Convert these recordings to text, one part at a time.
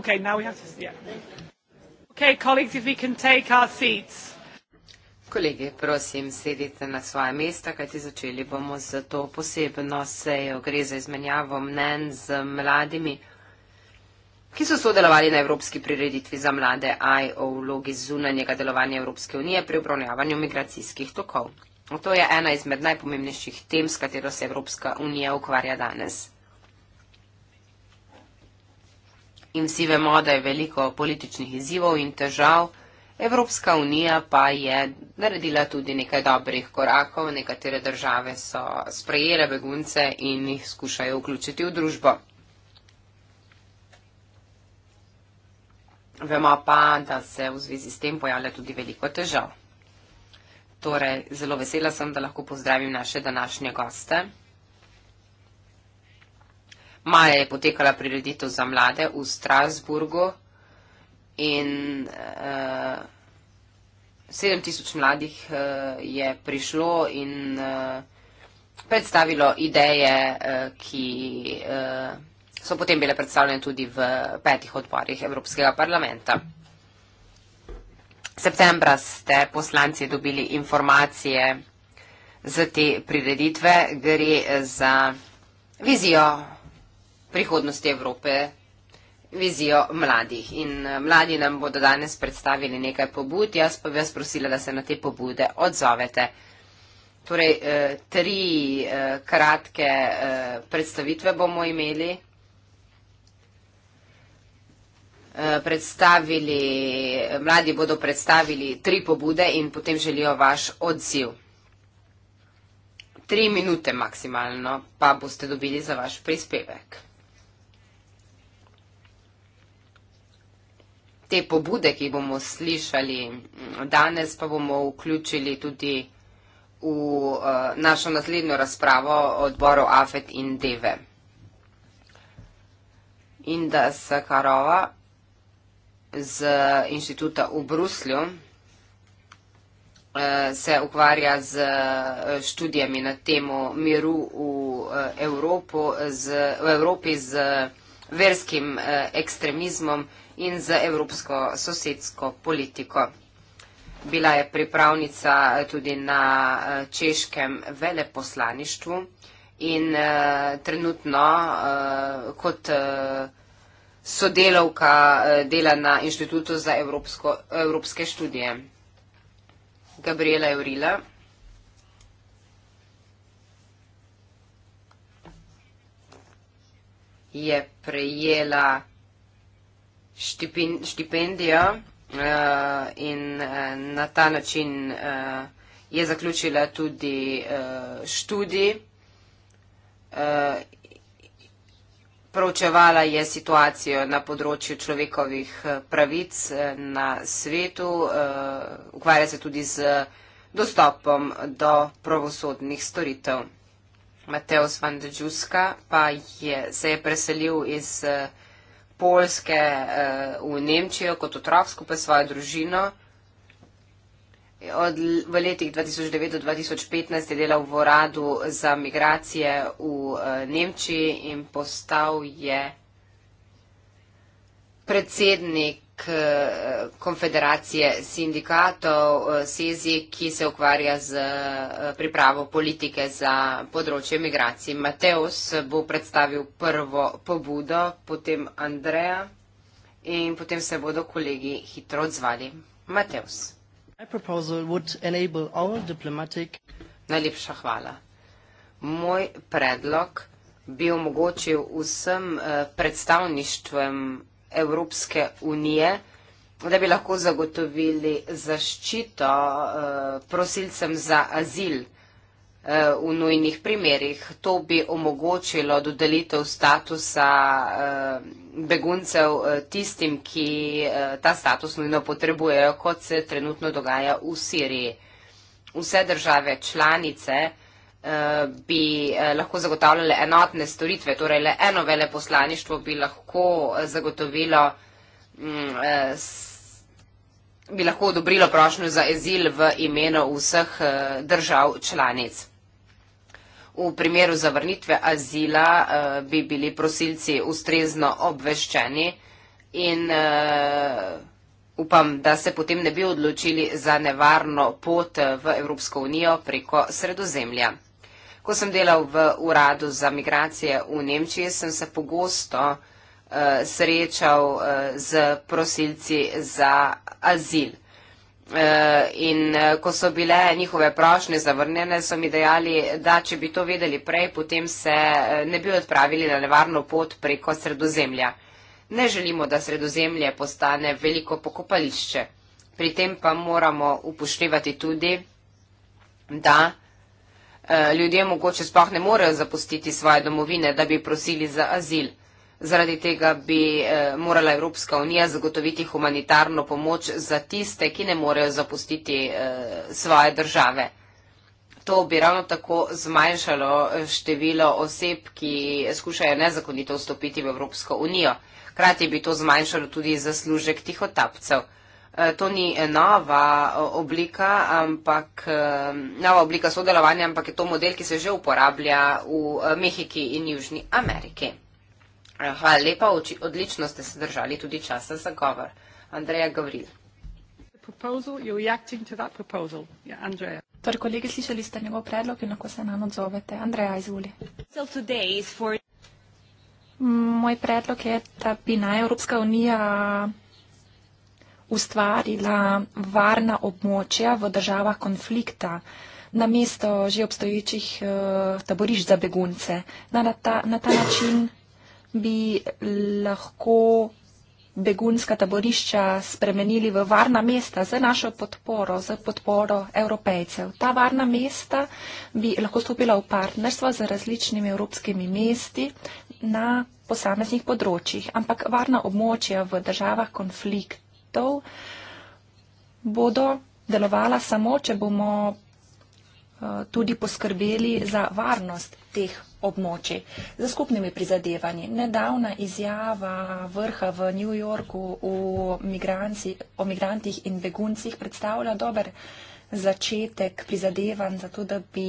Okay, now we have to. Yeah. Okay, colleagues, if we can take our seats. Kolegi, prosim, sedite na svoje mesta, kajti začeli bomo z to posebno sejo. Gre za izmenjavo mnen z mladimi, ki so sodelovali na Evropski prireditvi za mlade AI o vlogi zunanjega delovanja Evropske unije pri obravnavanju migracijskih tokov. To je ena izmed najpomembnejših tem, s katero se Evropska unija ukvarja danes. in vsi vemo, da je veliko političnih izzivov in težav, Evropska unija pa je naredila tudi nekaj dobrih korakov, nekatere države so sprejele begunce in jih skušajo vključiti v družbo. Vemo pa, da se v zvezi s tem pojavlja tudi veliko težav. Torej, zelo vesela sem, da lahko pozdravim naše današnje goste. Maja je potekala prireditev za mlade v Strasburgu in uh, eh, 7000 mladih uh, je prišlo in uh, predstavilo ideje, uh, ki uh, so potem bile predstavljene tudi v petih odborih Evropskega parlamenta. Septembra ste poslanci dobili informacije za te prireditve. Gre za vizijo prihodnosti Evrope, vizijo mladih. In eh, mladi nam bodo danes predstavili nekaj pobud, jaz pa bi vas prosila, da se na te pobude odzovete. Torej, eh, tri eh, kratke predstavitve bomo imeli. Predstavili, mladi bodo predstavili tri pobude in potem želijo vaš odziv. Tri minute maksimalno pa boste dobili za vaš prispevek. te pobude, ki bomo slišali danes, pa bomo vključili tudi v eh, našo naslednjo razpravo odborov AFET in DEVE. Inda Sakarova z inštituta v Bruslju eh, se ukvarja z eh, študijami na temo miru v, Evropo, z, v Evropi z verskim eh, ekstremizmom in z evropsko-sosedsko politiko. Bila je pripravnica eh, tudi na eh, češkem veleposlaništvu in trenutno kot sodelovka dela na Inštitutu za evropske študije. Gabriela Eurila. je prejela štipin, štipendijo uh, in uh, na ta način uh, je zaključila tudi uh, študij. Uh, Pročevala je situacijo na področju človekovih pravic na svetu, ukvarja se tudi z dostopom do pravosodnih storitev. Mateus van de Džuska pa je, se je preselil iz eh, Polske eh, v Nemčijo kot otrok skupaj s svojo družino. Od, v letih 2009 do 2015 je delal v uradu za migracije v eh, Nemčiji in postal je predsednik predsednik eh, konfederacije sindikatov eh, SEZI, ki se ukvarja z eh, pripravo politike za področje migracij. Mateus bo predstavil prvo pobudo, potem Andreja in potem se bodo kolegi hitro odzvali. Mateus. Najlepša hvala. Moj predlog bi omogočil vsem predstavništvem Evropske unije, da bi lahko zagotovili zaščito eh, prosilcem za azil eh, v nujnih primerih. To bi omogočilo dodelitev statusa eh, beguncev tistim, ki ta status nujno potrebujejo, kot se trenutno dogaja v Siriji. Vse države članice bi eh, lahko zagotavljale enotne storitve, torej le eno vele poslaništvo bi lahko zagotovilo, mm, eh, bi lahko odobrilo prošnjo za ezil v imenu vseh eh, držav članic. V primeru zavrnitve azila bi bili prosilci ustrezno obveščeni in upam, da se potem ne bi odločili za nevarno pot v Evropsko unijo preko sredozemlja. Ko sem delal v uradu za migracije v Nemčiji, sem se pogosto uh, srečal uh, z prosilci za azil. Uh, in uh, ko so bile njihove prošnje zavrnjene, so mi dejali, da če bi to vedeli prej, potem se uh, ne bi odpravili na nevarno pot preko sredozemlja. Ne želimo, da sredozemlje postane veliko pokopališče. Pri tem pa moramo upoštevati tudi, da uh, Eh, ljudje mogoče sploh ne morejo zapustiti svoje domovine, da bi prosili za azil. Zaradi tega bi eh, morala Evropska unija zagotoviti humanitarno pomoč za tiste, ki ne morejo zapustiti eh, svoje države. To bi ravno tako zmanjšalo število oseb, ki skušajo nezakonito vstopiti v Evropsko unijo. Hkrati bi to zmanjšalo tudi zaslužek tihotapcev. Eh, to ni eh, nova eh, oblika, ampak nova oblika sodelovanja, ampak je to model, ki se že uporablja v Mehiki in Južni Ameriki. Hvala lepa, oči, odlično ste se držali tudi časa za govor. Andreja Gavril. Torej, kolegi, slišali ste njegov predlog in lahko se nam odzovete. Andreja, izvoli. Moj predlog je, da bi naj Evropska unija ustvarila varna območja v državah konflikta na mesto že obstoječih eh, taborišč za begunce. Na ta, na ta način bi lahko begunska taborišča spremenili v varna mesta za našo podporo, za podporo evropejcev. Ta varna mesta bi lahko stopila v partnerstvo z različnimi evropskimi mesti na posameznih področjih, ampak varna območja v državah konflikta svetov bodo delovala samo, če bomo eh, tudi poskrbeli za varnost teh območij za skupnimi prizadevanji. Nedavna izjava vrha v New Yorku v migranci, o migrantih in beguncih predstavlja dober začetek prizadevanj za to, da bi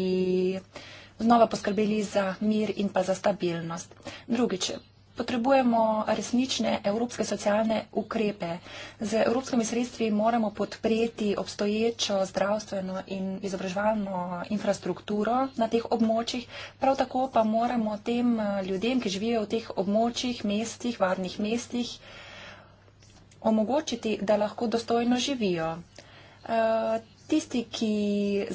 znova poskrbeli za mir in pa za stabilnost. Drugič, potrebujemo resnične evropske socialne ukrepe. Z evropskimi sredstvi moramo podpreti obstoječo zdravstveno in izobraževalno infrastrukturo na teh območjih. Prav tako pa moramo tem eh, ljudem, ki živijo v teh območjih, mestih, varnih mestih, omogočiti, da lahko dostojno živijo. Eh, tisti, ki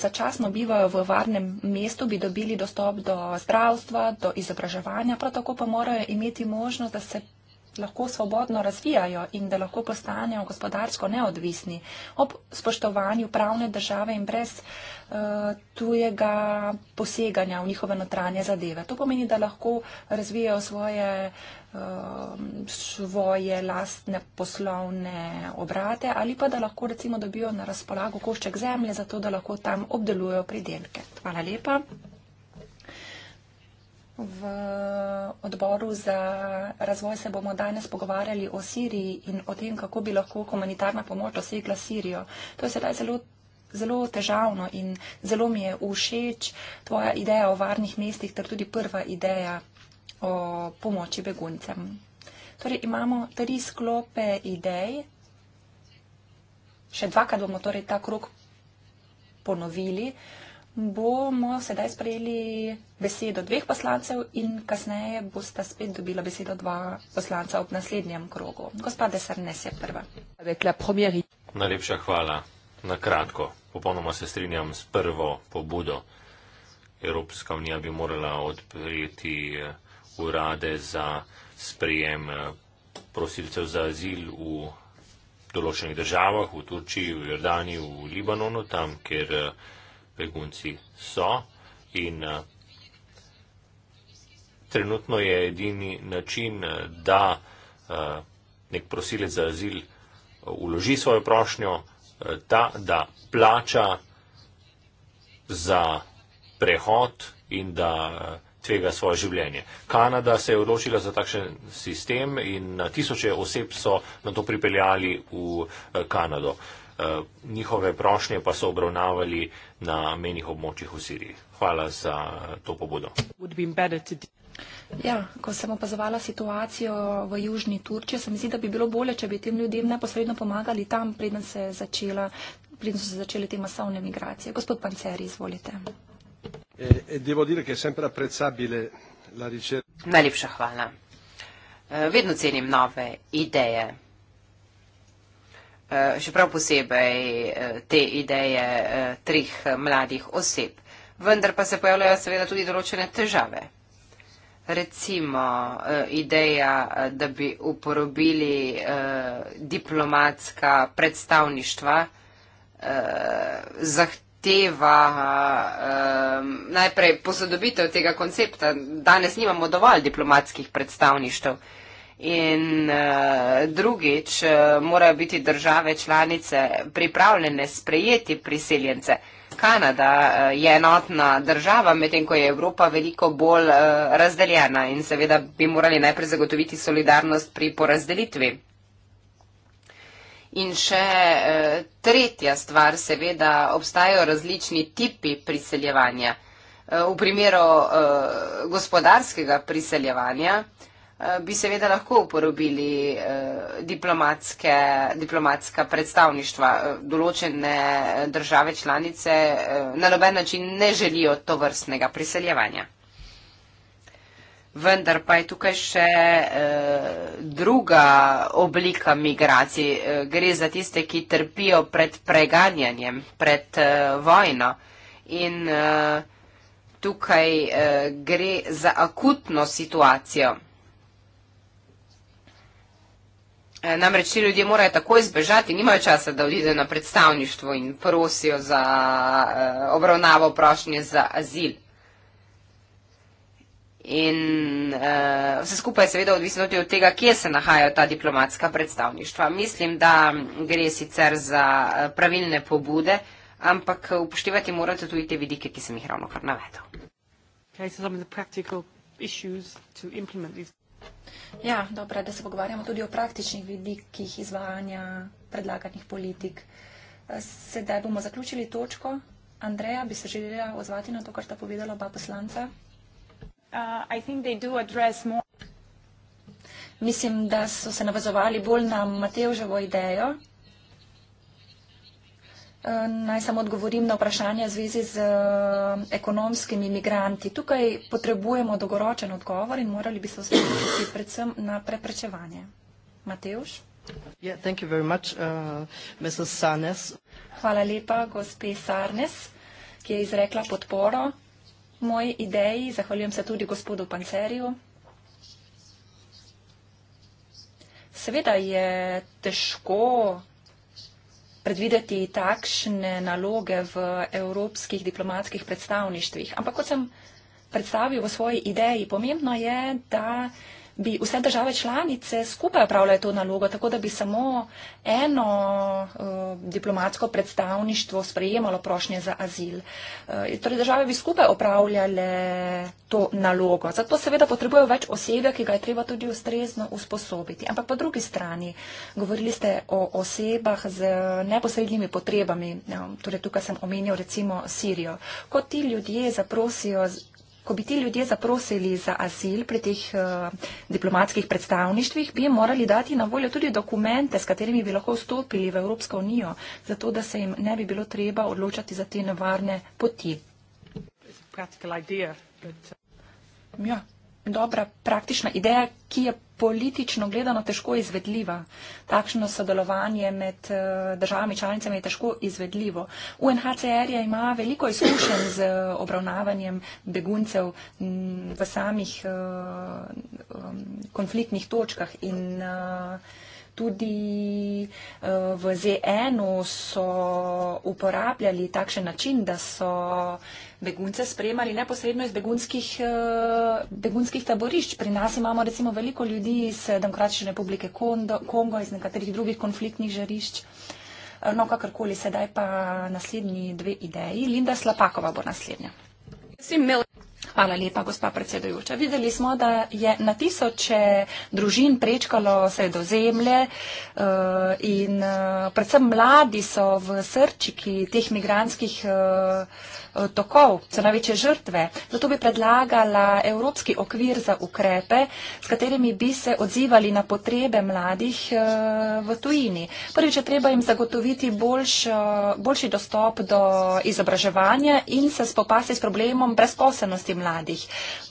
začasno bivajo v varnem mestu, bi dobili dostop do zdravstva, do izobraževanja, prav tako pa morajo imeti možnost, da se lahko svobodno razvijajo in da lahko postanejo gospodarsko neodvisni ob spoštovanju pravne države in brez eh, tujega poseganja v njihove notranje zadeve. To pomeni, da lahko razvijajo svoje, eh, svoje lastne poslovne obrate ali pa da lahko recimo dobijo na razpolago košček zemlje, zato da lahko tam obdelujejo pridelke. Hvala lepa. V odboru za razvoj se bomo danes pogovarjali o Siriji in o tem, kako bi lahko humanitarna pomoč dosegla Sirijo. To je sedaj zelo, zelo težavno in zelo mi je všeč tvoja ideja o varnih mestih ter tudi prva ideja o pomoči beguncem. Torej imamo tri sklope idej. Še dvakrat bomo torej ta krok ponovili. Uh, bomo sedaj sprejeli besedo dveh poslancev in kasneje boste spet dobila besedo dva poslanca ob naslednjem krogu. Gospa Desarnes je prva. Najlepša hvala. Na kratko, popolnoma se strinjam s prvo pobudo. Evropska unija bi morala odpreti eh, urade za sprejem eh, prosilcev za azil v določenih državah, v Turčiji, v Jordaniji, v Libanonu, tam, ker eh, begunci so in eh, trenutno je edini način, eh, da eh, nek prosilec za azil uloži svojo prošnjo, ta, da plača za prehod in da tvega svoje življenje. Kanada se je odločila za takšen sistem in tisoče oseb so na to pripeljali v Kanado. Eh, njihove prošnje pa so obravnavali na menih območjih v Siriji. Hvala za to pobudo. Ja, ko sem opazovala situacijo v južni Turčiji, se mi zdi, da bi bilo bolje, če bi tem ljudem neposredno pomagali tam, preden, se začela, preden so se začele te masovne migracije. Gospod Panceri, izvolite. Eh, eh, Najlepša hvala. Vedno cenim nove ideje. Eh, še prav posebej eh, te ideje eh, treh mladih oseb. Vendar pa se pojavljajo seveda tudi določene težave. Recimo ideja, da bi uporobili diplomatska predstavništva, zahteva najprej posodobitev tega koncepta. Danes nimamo dovolj diplomatskih predstavništv. In uh, drugič, uh, morajo biti države članice pripravljene sprejeti priseljence. Kanada uh, je enotna država, medtem ko je Evropa veliko bolj uh, razdeljena in seveda bi morali najprej zagotoviti solidarnost pri porazdelitvi. In še uh, tretja stvar, seveda obstajajo različni tipi priseljevanja. Uh, v primeru uh, gospodarskega priseljevanja. Eh, bi seveda lahko uporabili eh, diplomatska predstavništva. Eh, določene države članice na noben način ne želijo to vrstnega priseljevanja. Vendar pa je tukaj še druga oblika migracij. Gre za tiste, ki trpijo pred preganjanjem, pred vojno. In tukaj gre za akutno situacijo. Eh, namreč ti ljudje morajo takoj zbežati, nimajo časa, da odidejo na predstavništvo in prosijo za eh, obravnavo prošnje za azil. In uh, vse skupaj je seveda odvisno tudi od tega, kje se nahajajo ta diplomatska predstavništva. Mislim, da gre sicer za pravilne pobude, ampak upoštevati morate tudi te vidike, ki sem jih ravno kar navedel. Okay, so Ja, dobro, da se pogovarjamo tudi o praktičnih vidikih izvajanja predlaganih politik. Eh, sedaj bomo zaključili točko. Andreja, bi se želela odzvati na to, kar sta povedala oba poslanca? Uh, Mislim, da so se navazovali bolj na Matevževo idejo. Eh, naj samo odgovorim na vprašanje v zvezi z eh, ekonomskimi imigranti. Tukaj potrebujemo dogoročen odgovor in morali bi se osredotočiti predvsem na preprečevanje. Mateuš? Uh, Hvala lepa, gospe Sarnes, ki je izrekla podporo moji ideji. Zahvaljujem se tudi gospodu Panceriju. Seveda je težko vprašanje, predvideti takšne naloge v evropskih diplomatskih predstavništvih. Ampak kot sem predstavil v svoji ideji, pomembno je, da bi vse države članice skupaj upravljale to nalogo, tako da bi samo eno uh, diplomatsko predstavništvo sprejemalo prošnje za azil. Uh, torej države bi skupaj upravljale to nalogo. Zato seveda potrebujejo več osebe, ki ga je treba tudi ustrezno usposobiti. Ampak po drugi strani, govorili ste o osebah z neposrednjimi potrebami. Um, torej tukaj sem omenil recimo Sirijo. Ko ti ljudje zaprosijo ko bi ti ljudje zaprosili za azil pri teh uh, diplomatskih predstavništvih, bi jim morali dati na voljo tudi dokumente, s katerimi bi lahko vstopili v Evropsko unijo, zato da se jim ne bi bilo treba odločati za te nevarne poti. Uh, ja, dobra praktična ideja, ki je politično gledano težko izvedljiva. Takšno sodelovanje med eh, državami članicami je težko izvedljivo. UNHCR je ima veliko izkušenj z eh, obravnavanjem beguncev v samih eh, konfliktnih točkah in tudi v ZN-u so uporabljali takšen način, da so begunce sprejemali neposredno iz begunskih, eh, begunskih taborišč. Pri nas imamo recimo veliko ljudi iz eh, Demokratične republike Kongo, iz nekaterih drugih konfliktnih žarišč. Eh, no, kakorkoli, sedaj pa naslednji dve ideji. Linda Slapakova bo naslednja. Simil. Hvala lepa, gospa predsedujoča. Videli smo, da je na tisoče družin prečkalo sredozemlje eh, in eh, predvsem mladi so v srčiki teh migranskih eh, tokov, so največje žrtve. Zato bi predlagala Evropski okvir za ukrepe, s katerimi bi se odzivali na potrebe mladih v tujini. Prvič je treba jim zagotoviti boljš, boljši dostop do izobraževanja in se spopasti s problemom brezposobnosti mladih mladih.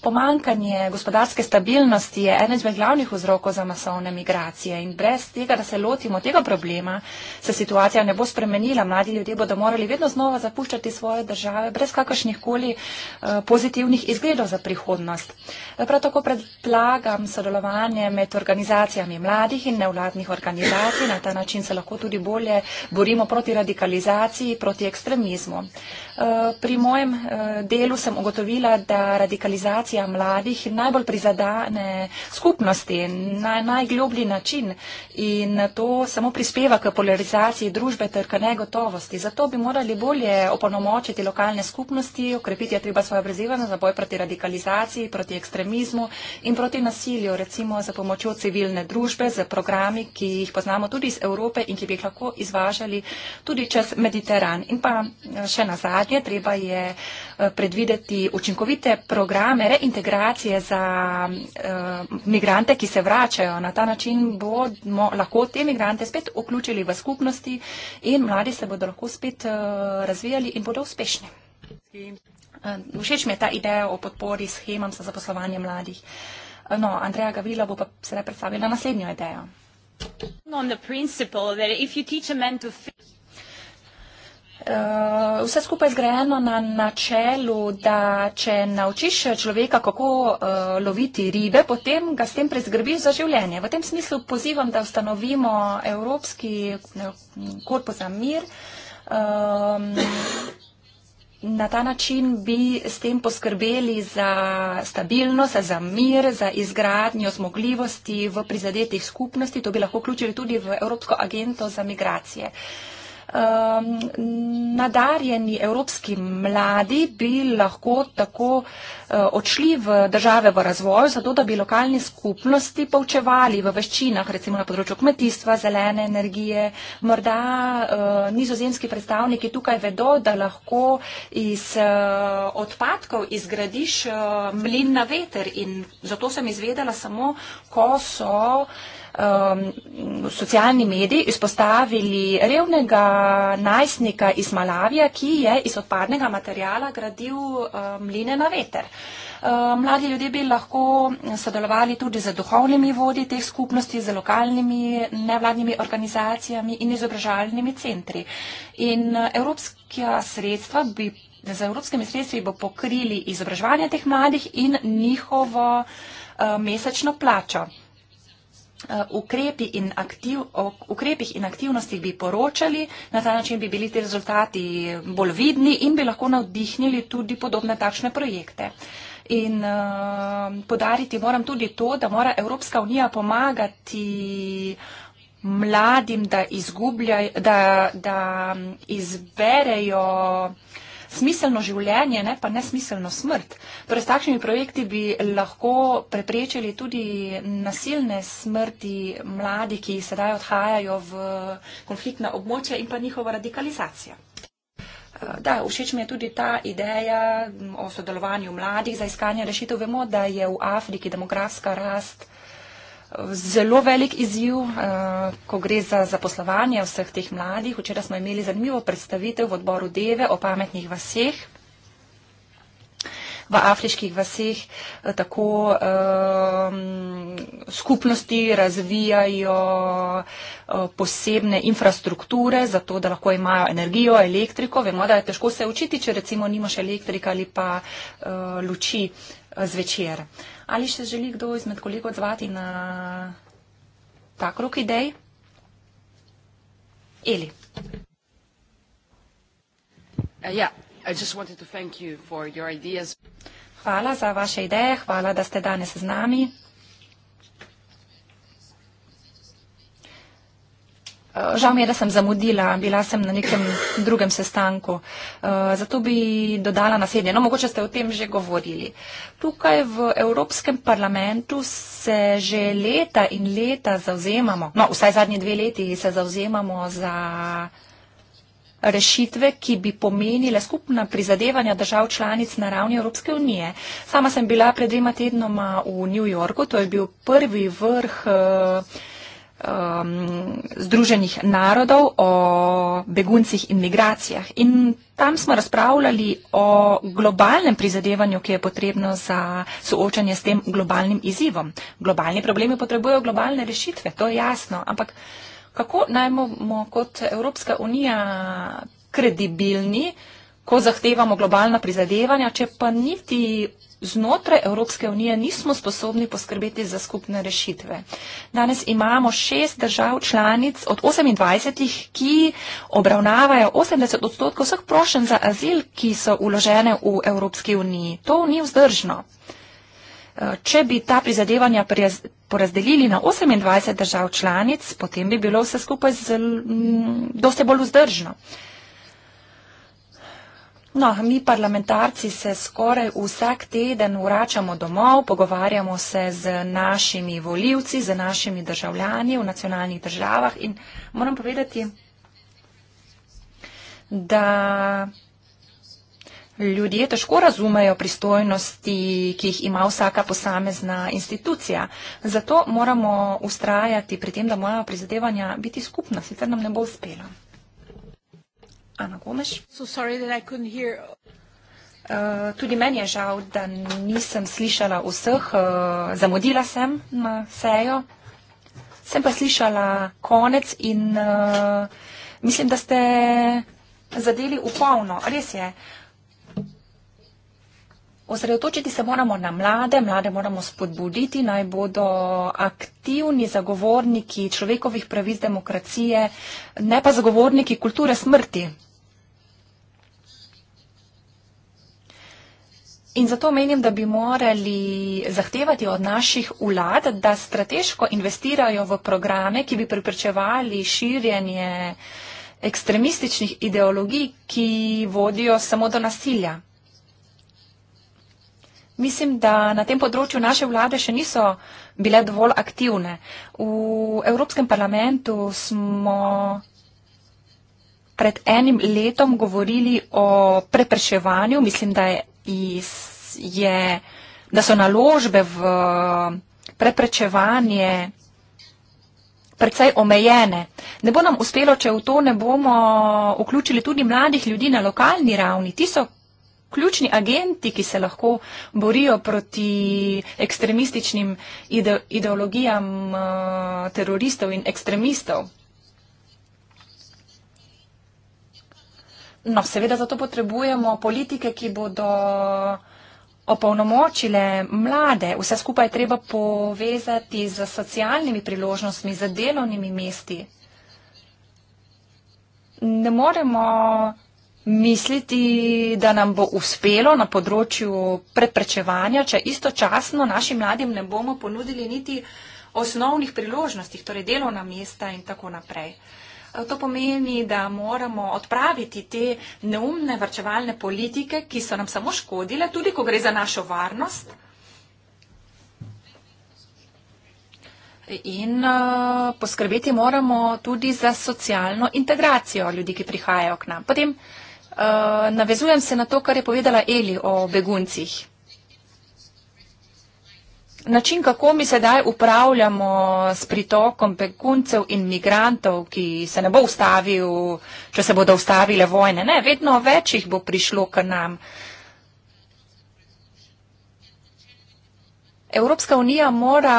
Pomankanje gospodarske stabilnosti je eden izmed glavnih vzrokov za masovne migracije in brez tega, da se lotimo tega problema, se situacija ne bo spremenila. Mladi ljudje bodo morali vedno znova zapuščati svoje države brez kakršnih koli eh, pozitivnih izgledov za prihodnost. Prav tako predlagam sodelovanje med organizacijami mladih in nevladnih organizacij. Na ta način se lahko tudi bolje borimo proti radikalizaciji, proti ekstremizmu. Eh, pri mojem eh, delu sem ugotovila, da radikalizacija mladih najbolj prizadane skupnosti na najgloblji način in to samo prispeva k polarizaciji družbe ter k negotovosti. Zato bi morali bolje opolnomočiti lokalne skupnosti, okrepiti je treba svoje obrezivanje za boj proti radikalizaciji, proti ekstremizmu in proti nasilju, recimo za pomočjo civilne družbe, za programi, ki jih poznamo tudi iz Evrope in ki bi jih lahko izvažali tudi čez Mediteran. In pa eh, še na zadnje, treba je eh, predvideti učinkovite programe reintegracije za uh, migrante, ki se vračajo. Na ta način bomo lahko te migrante spet vključili v skupnosti in mladi se bodo lahko spet uh, razvijali in bodo uspešni. Eh, všeč mi je ta ideja o podpori schemam za zaposlovanje mladih. No, Andreja Gavrila bo pa sedaj predstavila naslednjo idejo. Eh, vse skupaj zgrajeno na načelu, da če naučiš človeka, kako uh, loviti ribe, potem ga s tem prezgrbiš za življenje. V tem smislu pozivam, da ustanovimo Evropski eh, korpus za mir. Um, na ta način bi s tem poskrbeli za stabilnost, za mir, za izgradnjo zmogljivosti v prizadetih skupnosti. To bi lahko vključili tudi v Evropsko agento za migracije. Uh, um, nadarjeni evropski mladi bi lahko tako uh, odšli v države v razvoju, zato da bi lokalni skupnosti poučevali v veščinah, recimo na področju kmetijstva, zelene energije. Morda uh, nizozemski predstavniki tukaj vedo, da lahko iz uh, odpadkov izgradiš uh, mlin na veter in zato sem izvedela samo, ko so um, socialni mediji izpostavili revnega najstnika iz Malavija, ki je iz odpadnega materijala gradil um, mline um, na veter. Um, mladi ljudje bi lahko sodelovali tudi z duhovnimi vodi teh skupnosti, z lokalnimi nevladnimi organizacijami in izobražalnimi centri. In uh, bi, z evropskimi sredstvi bo pokrili izobraževanje teh mladih in njihovo uh, mesečno plačo. Eh, ukrepi in aktiv, o ukrepih in aktivnostih bi poročali, na ta način bi bili ti rezultati bolj vidni in bi lahko navdihnili tudi podobne takšne projekte. In uh, podariti moram tudi to, da mora Evropska unija pomagati mladim, da, da, da mm, izberejo uh, smiselno življenje, ne pa nesmiselno smrt. Torej, s takšnimi projekti bi lahko preprečili tudi nasilne smrti mladi, ki sedaj odhajajo v konfliktna območja in pa njihova radikalizacija. Eh, da, všeč mi je tudi ta ideja mm, o sodelovanju mladih za iskanje rešitev. Vemo, da je v Afriki demografska rast uh, zelo velik izziv, eh, ko gre za zaposlovanje vseh teh mladih. Včeraj smo imeli zanimivo predstavitev v odboru Deve o pametnih vaseh. V afriških vaseh eh, tako um, skupnosti razvijajo eh, posebne infrastrukture za to, da lahko imajo energijo, elektriko. Vemo, da je težko se učiti, če recimo nimaš elektrika ali pa uh, luči zvečer. Uh, Ali še želi kdo izmed kolegov odzvati na ta krok idej? Eli. Uh, yeah. I just wanted to thank you for your ideas. Hvala za vaše ideje, hvala, da ste danes z nami. Eh, žal mi je, da sem zamudila, bila sem na nekem drugem sestanku. Eh, zato bi dodala naslednje. No, mogoče ste o tem že govorili. Tukaj v Evropskem parlamentu se že leta in leta zauzemamo, no, vsaj zadnje dve leti se zauzemamo za rešitve, ki bi pomenile skupna prizadevanja držav članic na ravni Evropske unije. Sama sem bila pred dvema tednoma v New Yorku, to je bil prvi vrh. Uh, um, Združenih narodov o beguncih in migracijah. In tam smo razpravljali o globalnem prizadevanju, ki je potrebno za soočanje s tem globalnim izzivom. Globalni problemi potrebujejo globalne rešitve, to je jasno. Ampak kako najmo kot Evropska unija kredibilni, ko zahtevamo globalna prizadevanja, če pa niti znotraj Evropske unije nismo sposobni poskrbeti za skupne rešitve. Danes imamo šest držav članic od 28, ki obravnavajo 80 odstotkov vseh prošen za azil, ki so uložene v Evropski uniji. To ni vzdržno. Eh, če bi ta prizadevanja porazdelili na 28 držav članic, potem bi bilo vse skupaj mm, dosti bolj vzdržno. No, mi parlamentarci se skoraj vsak teden vračamo domov, pogovarjamo se z našimi voljivci, z našimi državljani v nacionalnih državah in moram povedati, da ljudje težko razumejo pristojnosti, ki jih ima vsaka posamezna institucija. Zato moramo ustrajati pri tem, da morajo prizadevanja biti skupna, sicer nam ne bo uspelo. Ana Gomes. So sorry that I couldn't hear. Uh, tudi meni je žal, da nisem slišala vseh. Uh, zamudila sem na sejo. Sem pa slišala konec in uh, mislim, da ste zadeli upolno. Res je. Uh, Osredotočiti se moramo na mlade, mlade moramo spodbuditi, naj bodo aktivni zagovorniki človekovih pravic demokracije, ne pa zagovorniki kulture smrti. In zato menim, da bi morali zahtevati od naših vlad, da strateško investirajo v programe, ki bi priprečevali širjenje ekstremističnih ideologij, ki vodijo samo do nasilja. Mislim, da na tem področju naše vlade še niso bile dovolj aktivne. V Evropskem parlamentu smo pred enim letom govorili o prepreševanju. Mislim, da, je, da so naložbe v preprečevanje predvsej omejene. Ne bo nam uspelo, če v to ne bomo vključili tudi mladih ljudi na lokalni ravni. Ti so ključni agenti, ki se lahko borijo proti ekstremističnim ide ideologijam uh, teroristov in ekstremistov. No, seveda zato potrebujemo politike, ki bodo opolnomočile mlade. Vse skupaj treba povezati z socialnimi priložnostmi, z delovnimi mesti. Ne moremo misliti, da nam bo uspelo na področju preprečevanja, če istočasno našim mladim ne bomo ponudili niti osnovnih priložnostih, torej delovna mesta in tako naprej. Eh, to pomeni, da moramo odpraviti te neumne vrčevalne politike, ki so nam samo škodile, tudi ko gre za našo varnost. In eh, poskrbeti moramo tudi za socialno integracijo ljudi, ki prihajajo k nam. Potem, Eh, navezujem se na to, kar je povedala Eli o beguncih. Način, kako mi sedaj upravljamo s pritokom beguncev in migrantov, ki se ne bo ustavil, če se bodo ustavile vojne. Ne, vedno več jih bo prišlo k nam. Evropska unija mora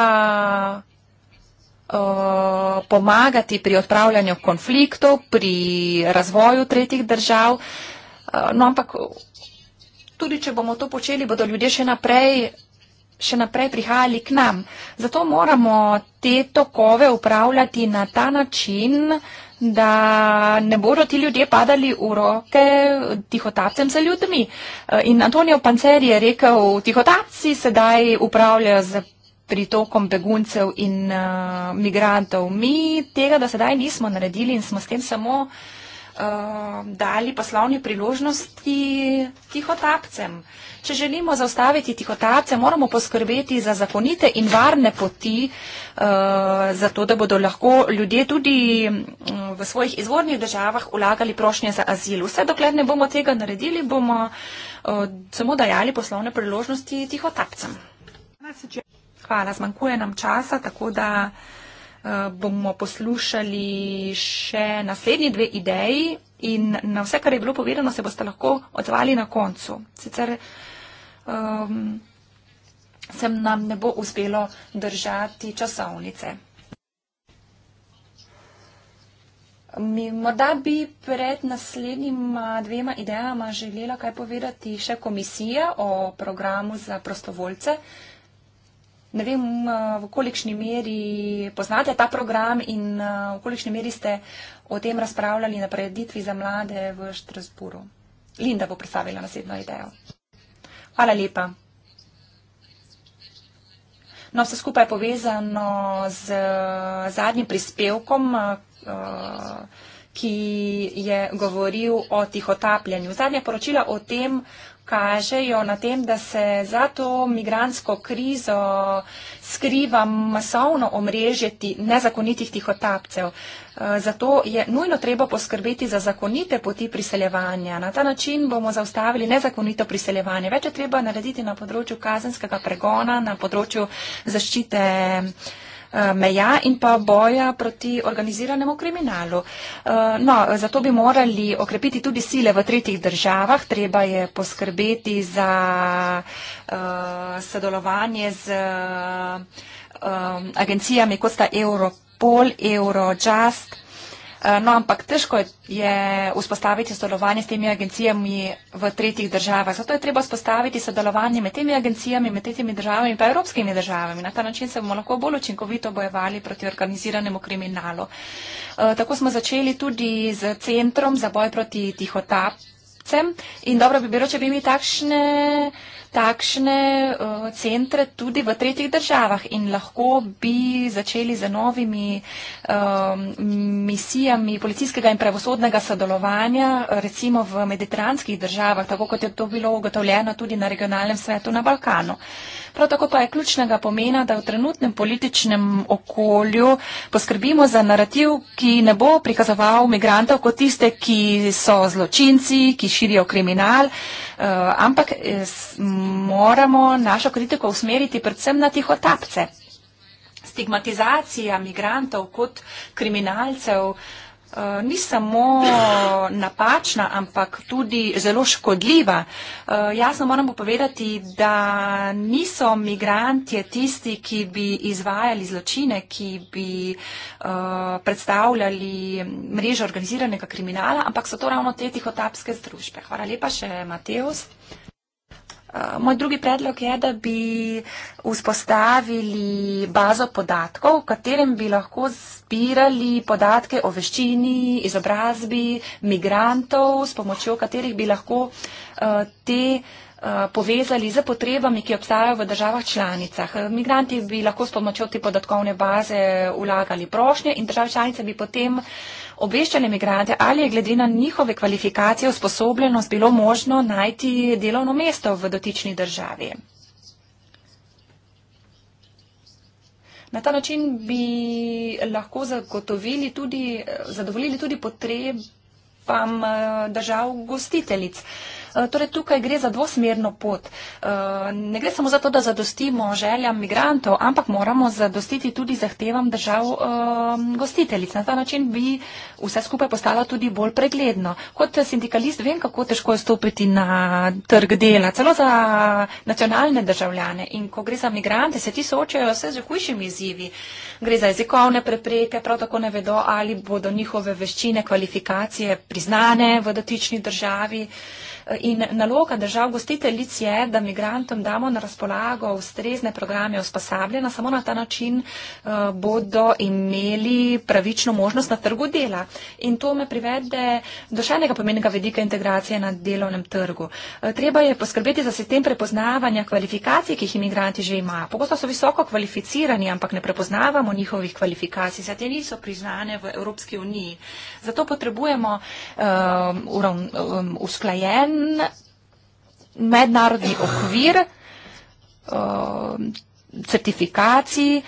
Eh, pomagati pri odpravljanju konfliktov, pri razvoju tretjih držav. Eh, no, ampak tudi, če bomo to počeli, bodo ljudje še naprej, še naprej prihajali k nam. Zato moramo te tokove upravljati na ta način, da ne bodo ti ljudje padali v roke tihotapcem za ljudmi. Eh, in Antonijo Panceri je rekel, tihotapci sedaj upravljajo z pritokom beguncev in uh, migrantov. Mi tega do sedaj nismo naredili in smo s tem samo uh, dali poslovni priložnosti tihotapcem. Če želimo zaustaviti tihotapce, moramo poskrbeti za zakonite in varne poti, uh, eh, zato da bodo lahko ljudje tudi uh, v svojih izvornih državah vlagali prošnje za azil. Vse dokler ne bomo tega naredili, bomo uh, samo dajali poslovne priložnosti tihotapcem. Hvala, zmanjkuje nam časa, tako da eh, bomo poslušali še naslednji dve ideji in na vse, kar je bilo povedano, se boste lahko odzvali na koncu. Sicer um, ehm, sem nam ne bo uspelo držati časovnice. Mi morda bi pred naslednjima dvema idejama želela kaj povedati še komisija o programu za prostovoljce. Uh, ne vem, eh, v kolikšni meri poznate ta program in eh, v kolikšni meri ste o tem razpravljali na preditvi za mlade v Štrasburu. Linda bo predstavila naslednjo idejo. Hvala lepa. No, vse skupaj je povezano z eh, zadnjim prispevkom, ki je govoril o tihotapljanju. Zadnja poročila o tem, kažejo na tem, da se za to migransko krizo skriva masovno omrežje nezakonitih tihotapcev. Eh, zato je nujno treba poskrbeti za zakonite poti priseljevanja. Na ta način bomo zaustavili nezakonito priseljevanje. Več je treba narediti na področju kazenskega pregona, na področju zaščite Eh, meja in pa boja proti organiziranemu kriminalu. Eh, no, zato bi morali okrepiti tudi sile v tretjih državah, treba je poskrbeti za eh, sodelovanje z agencijami, kot sta Europol, Eurojust, Eh, no, ampak težko je vzpostaviti sodelovanje s temi agencijami v tretjih državah. Zato je treba vzpostaviti sodelovanje med temi agencijami, med temi državami in pa evropskimi državami. Na ta način se bomo lahko bolj učinkovito bojevali proti organiziranemu kriminalu. Eh, tako smo začeli tudi z centrom za boj proti tihotap srce. In dobro bi bilo, če bi imeli takšne, takšne uh, centre tudi v tretjih državah in lahko bi začeli z novimi um, misijami policijskega in pravosodnega sodelovanja, recimo v mediteranskih državah, tako kot je to bilo ugotovljeno tudi na regionalnem svetu na Balkanu. Prav tako pa je ključnega pomena, da v trenutnem političnem okolju poskrbimo za narativ, ki ne bo prikazoval migrantov kot tiste, ki so zločinci, ki širijo kriminal, eh, ampak eh, moramo našo kritiko usmeriti predvsem na tih otapce. Stigmatizacija migrantov kot kriminalcev Eh, ni samo napačna, ampak tudi zelo škodljiva. Eh, jasno moram povedati, da niso migrantje tisti, ki bi izvajali zločine, ki bi eh, predstavljali mrežo organiziranega kriminala, ampak so to ravno te tihotapske združbe. Hvala lepa še, Mateus moj drugi predlog je, da bi vzpostavili bazo podatkov, v katerem bi lahko zbirali podatke o veščini, izobrazbi migrantov, s pomočjo katerih bi lahko eh, te eh, povezali z potrebami, ki obstajajo v državah članicah. Migranti bi lahko s pomočjo te podatkovne baze vlagali prošnje in države članice bi potem obveščene imigrante, ali je glede na njihove kvalifikacije usposobljenost bilo možno najti delovno mesto v dotični državi. Na ta način bi lahko zagotovili tudi, zadovoljili tudi potrebam eh, držav gostiteljic. Uh, Eh, torej, tukaj gre za dvosmerno pot. Eh, ne gre samo za to, da zadostimo željam migrantov, ampak moramo zadostiti tudi zahtevam držav eh, gostiteljic. Na ta način bi vse skupaj postalo tudi bolj pregledno. Kot sindikalist vem, kako težko je stopiti na trg dela, celo za nacionalne državljane. In ko gre za migrante, se ti soočajo vse z hujšimi izzivi. Gre za jezikovne prepreke, prav tako ne vedo, ali bodo njihove veščine, kvalifikacije priznane v dotični državi. Uh, In naloga držav gostiteljic je, da migrantom damo na razpolago ustrezne programe usposabljanja, samo na ta način eh, bodo imeli pravično možnost na trgu dela. In to me privede do še enega pomenega vedika integracije na delovnem trgu. Eh, treba je poskrbeti za sistem prepoznavanja kvalifikacij, ki jih imigranti že imajo. Pogosto so visoko kvalificirani, ampak ne prepoznavamo njihovih kvalifikacij, saj te niso priznane v Evropski uniji. Zato potrebujemo um, um, usklajen in mednarodni okvir eh, certifikacij, eh,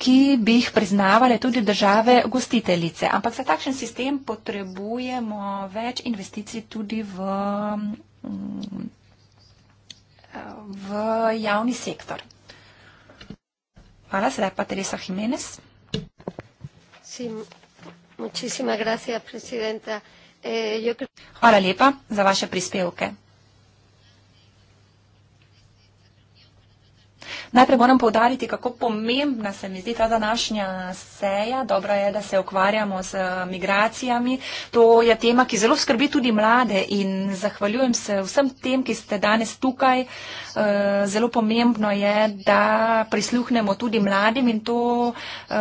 ki bi jih priznavale tudi države gostiteljice. Ampak za takšen sistem potrebujemo več investicij tudi v, mm, v javni sektor. Hvala, sedaj pa Teresa Jimenez. Sim. Muchísimas gracias, Presidenta. Eh, Hvala lepa za vaše prispevke. Najprej moram povdariti, kako pomembna se mi zdi ta današnja seja. Dobro je, da se ukvarjamo z eh, migracijami. To je tema, ki zelo skrbi tudi mlade in zahvaljujem se vsem tem, ki ste danes tukaj. Eh, zelo pomembno je, da prisluhnemo tudi mladim in to eh,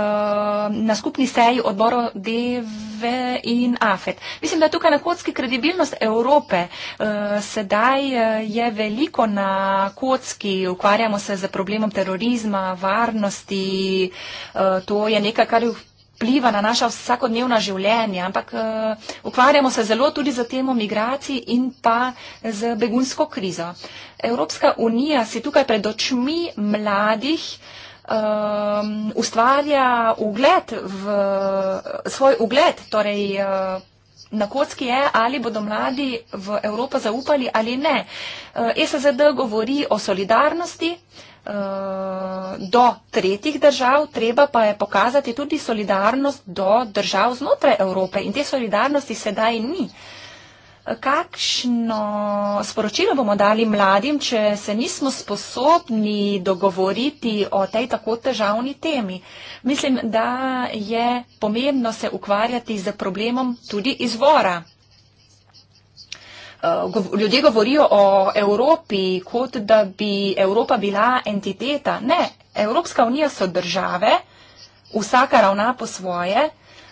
na skupni seji odboro DV in AFET. Mislim, da je tukaj na kocki kredibilnost Evrope. Sedaj je veliko na kocki, ukvarjamo se z problemi problemom terorizma, varnosti. Eh, to je nekaj, kar vpliva na naša vsakodnevna življenja, ampak eh, ukvarjamo se zelo tudi za temo migracij in pa z begunsko krizo. Evropska unija si tukaj pred očmi mladih um, ustvarja ugled v, svoj ugled. Torej, eh, Na kocki je, ali bodo mladi v Evropo zaupali ali ne. ESZD govori o solidarnosti, Eh, do tretjih držav, treba pa je pokazati tudi solidarnost do držav znotraj Evrope in te solidarnosti sedaj ni. Kakšno sporočilo bomo dali mladim, če se nismo sposobni dogovoriti o tej tako težavni temi? Mislim, da je pomembno se ukvarjati z problemom tudi izvora. Eh, ljudje govorijo o Evropi, kot da bi Evropa bila entiteta. Ne, Evropska unija so države, vsaka ravna po svoje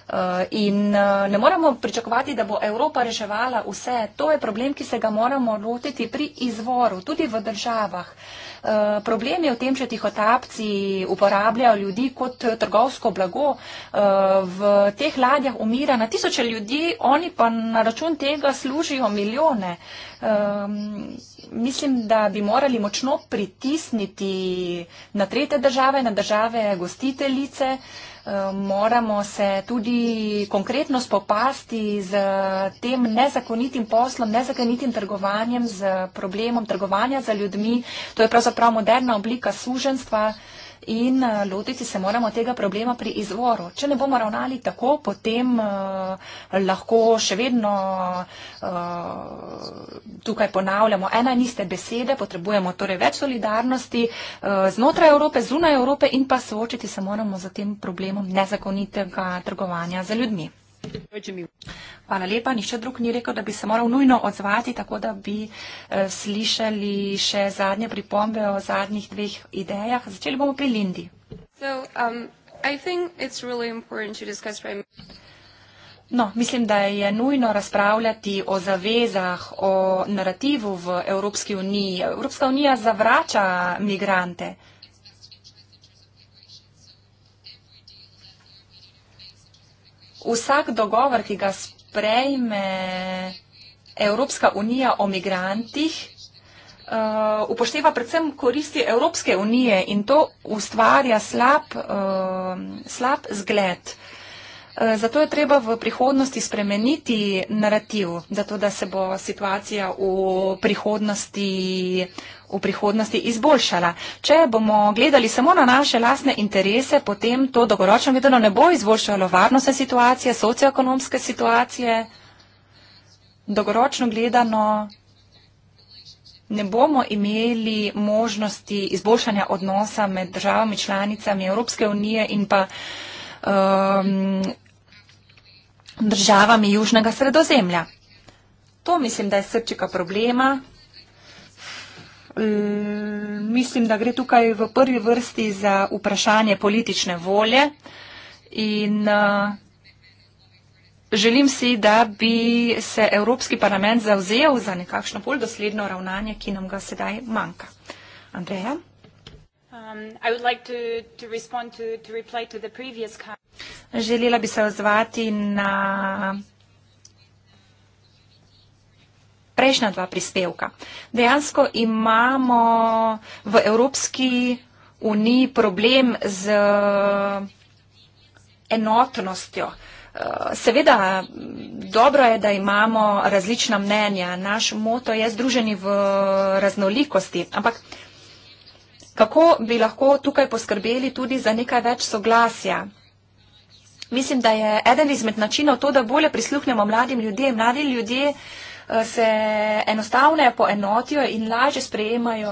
eh, in eh, ne moramo pričakovati, da bo Evropa reševala vse. To je problem, ki se ga moramo lotiti pri izvoru, tudi v državah. Eh, problem je v tem, če tihotapci uporabljajo ljudi kot eh, trgovsko blago. Eh, v teh ladjah umira na tisoče ljudi, oni pa na račun tega služijo milijone. Ehm, mislim, da bi morali močno pritisniti na trete države, na države gostiteljice moramo se tudi konkretno spopasti z tem nezakonitim poslom, nezakonitim trgovanjem, z problemom trgovanja za ljudmi. To je pravzaprav moderna oblika suženstva in eh, lotiti se moramo tega problema pri izvoru. Če ne bomo ravnali tako, potem uh, lahko še vedno uh, tukaj ponavljamo ena in iste besede, potrebujemo torej več solidarnosti uh, znotraj Evrope, zunaj Evrope in pa soočiti se moramo z tem problemom nezakonitega trgovanja za ljudmi. Hvala lepa. Nišče drug ni rekel, da bi se moral nujno odzvati, tako da bi eh, slišali še zadnje pripombe o zadnjih dveh idejah. Začeli bomo pri Lindi. So, um, No, mislim, da je nujno razpravljati o zavezah, o narativu v Evropski uniji. Evropska unija zavrača migrante. vsak dogovor, ki ga sprejme Evropska unija o migrantih, uh, upošteva predvsem koristi Evropske unije in to ustvarja slab, um, slab zgled. Uh, zato je treba v prihodnosti spremeniti narativ, zato da se bo situacija v prihodnosti v prihodnosti izboljšala. Če bomo gledali samo na naše lastne interese, potem to dolgoročno gledano ne bo izboljšalo varnostne situacije, socioekonomske situacije. Dolgoročno gledano ne bomo imeli možnosti izboljšanja odnosa med državami članicami Evropske unije in pa um, državami Južnega sredozemlja. To mislim, da je srčika problema. Eh, mislim, da gre tukaj v prvi vrsti za vprašanje politične volje in eh, želim si, da bi se Evropski parlament zavzel za nekakšno bolj dosledno ravnanje, ki nam ga sedaj manjka. Andreja? Um, Želela bi se odzvati na prejšnja dva prispevka. Dejansko imamo v Evropski uniji problem z enotnostjo. Eh, seveda, dobro je, da imamo različna mnenja. Naš moto je združeni v raznolikosti, ampak kako bi lahko tukaj poskrbeli tudi za nekaj več soglasja? Mislim, da je eden izmed načinov to, da bolje prisluhnemo mladim ljudem. Mladi ljudje uh, Eh, se enostavneje poenotijo in lažje sprejemajo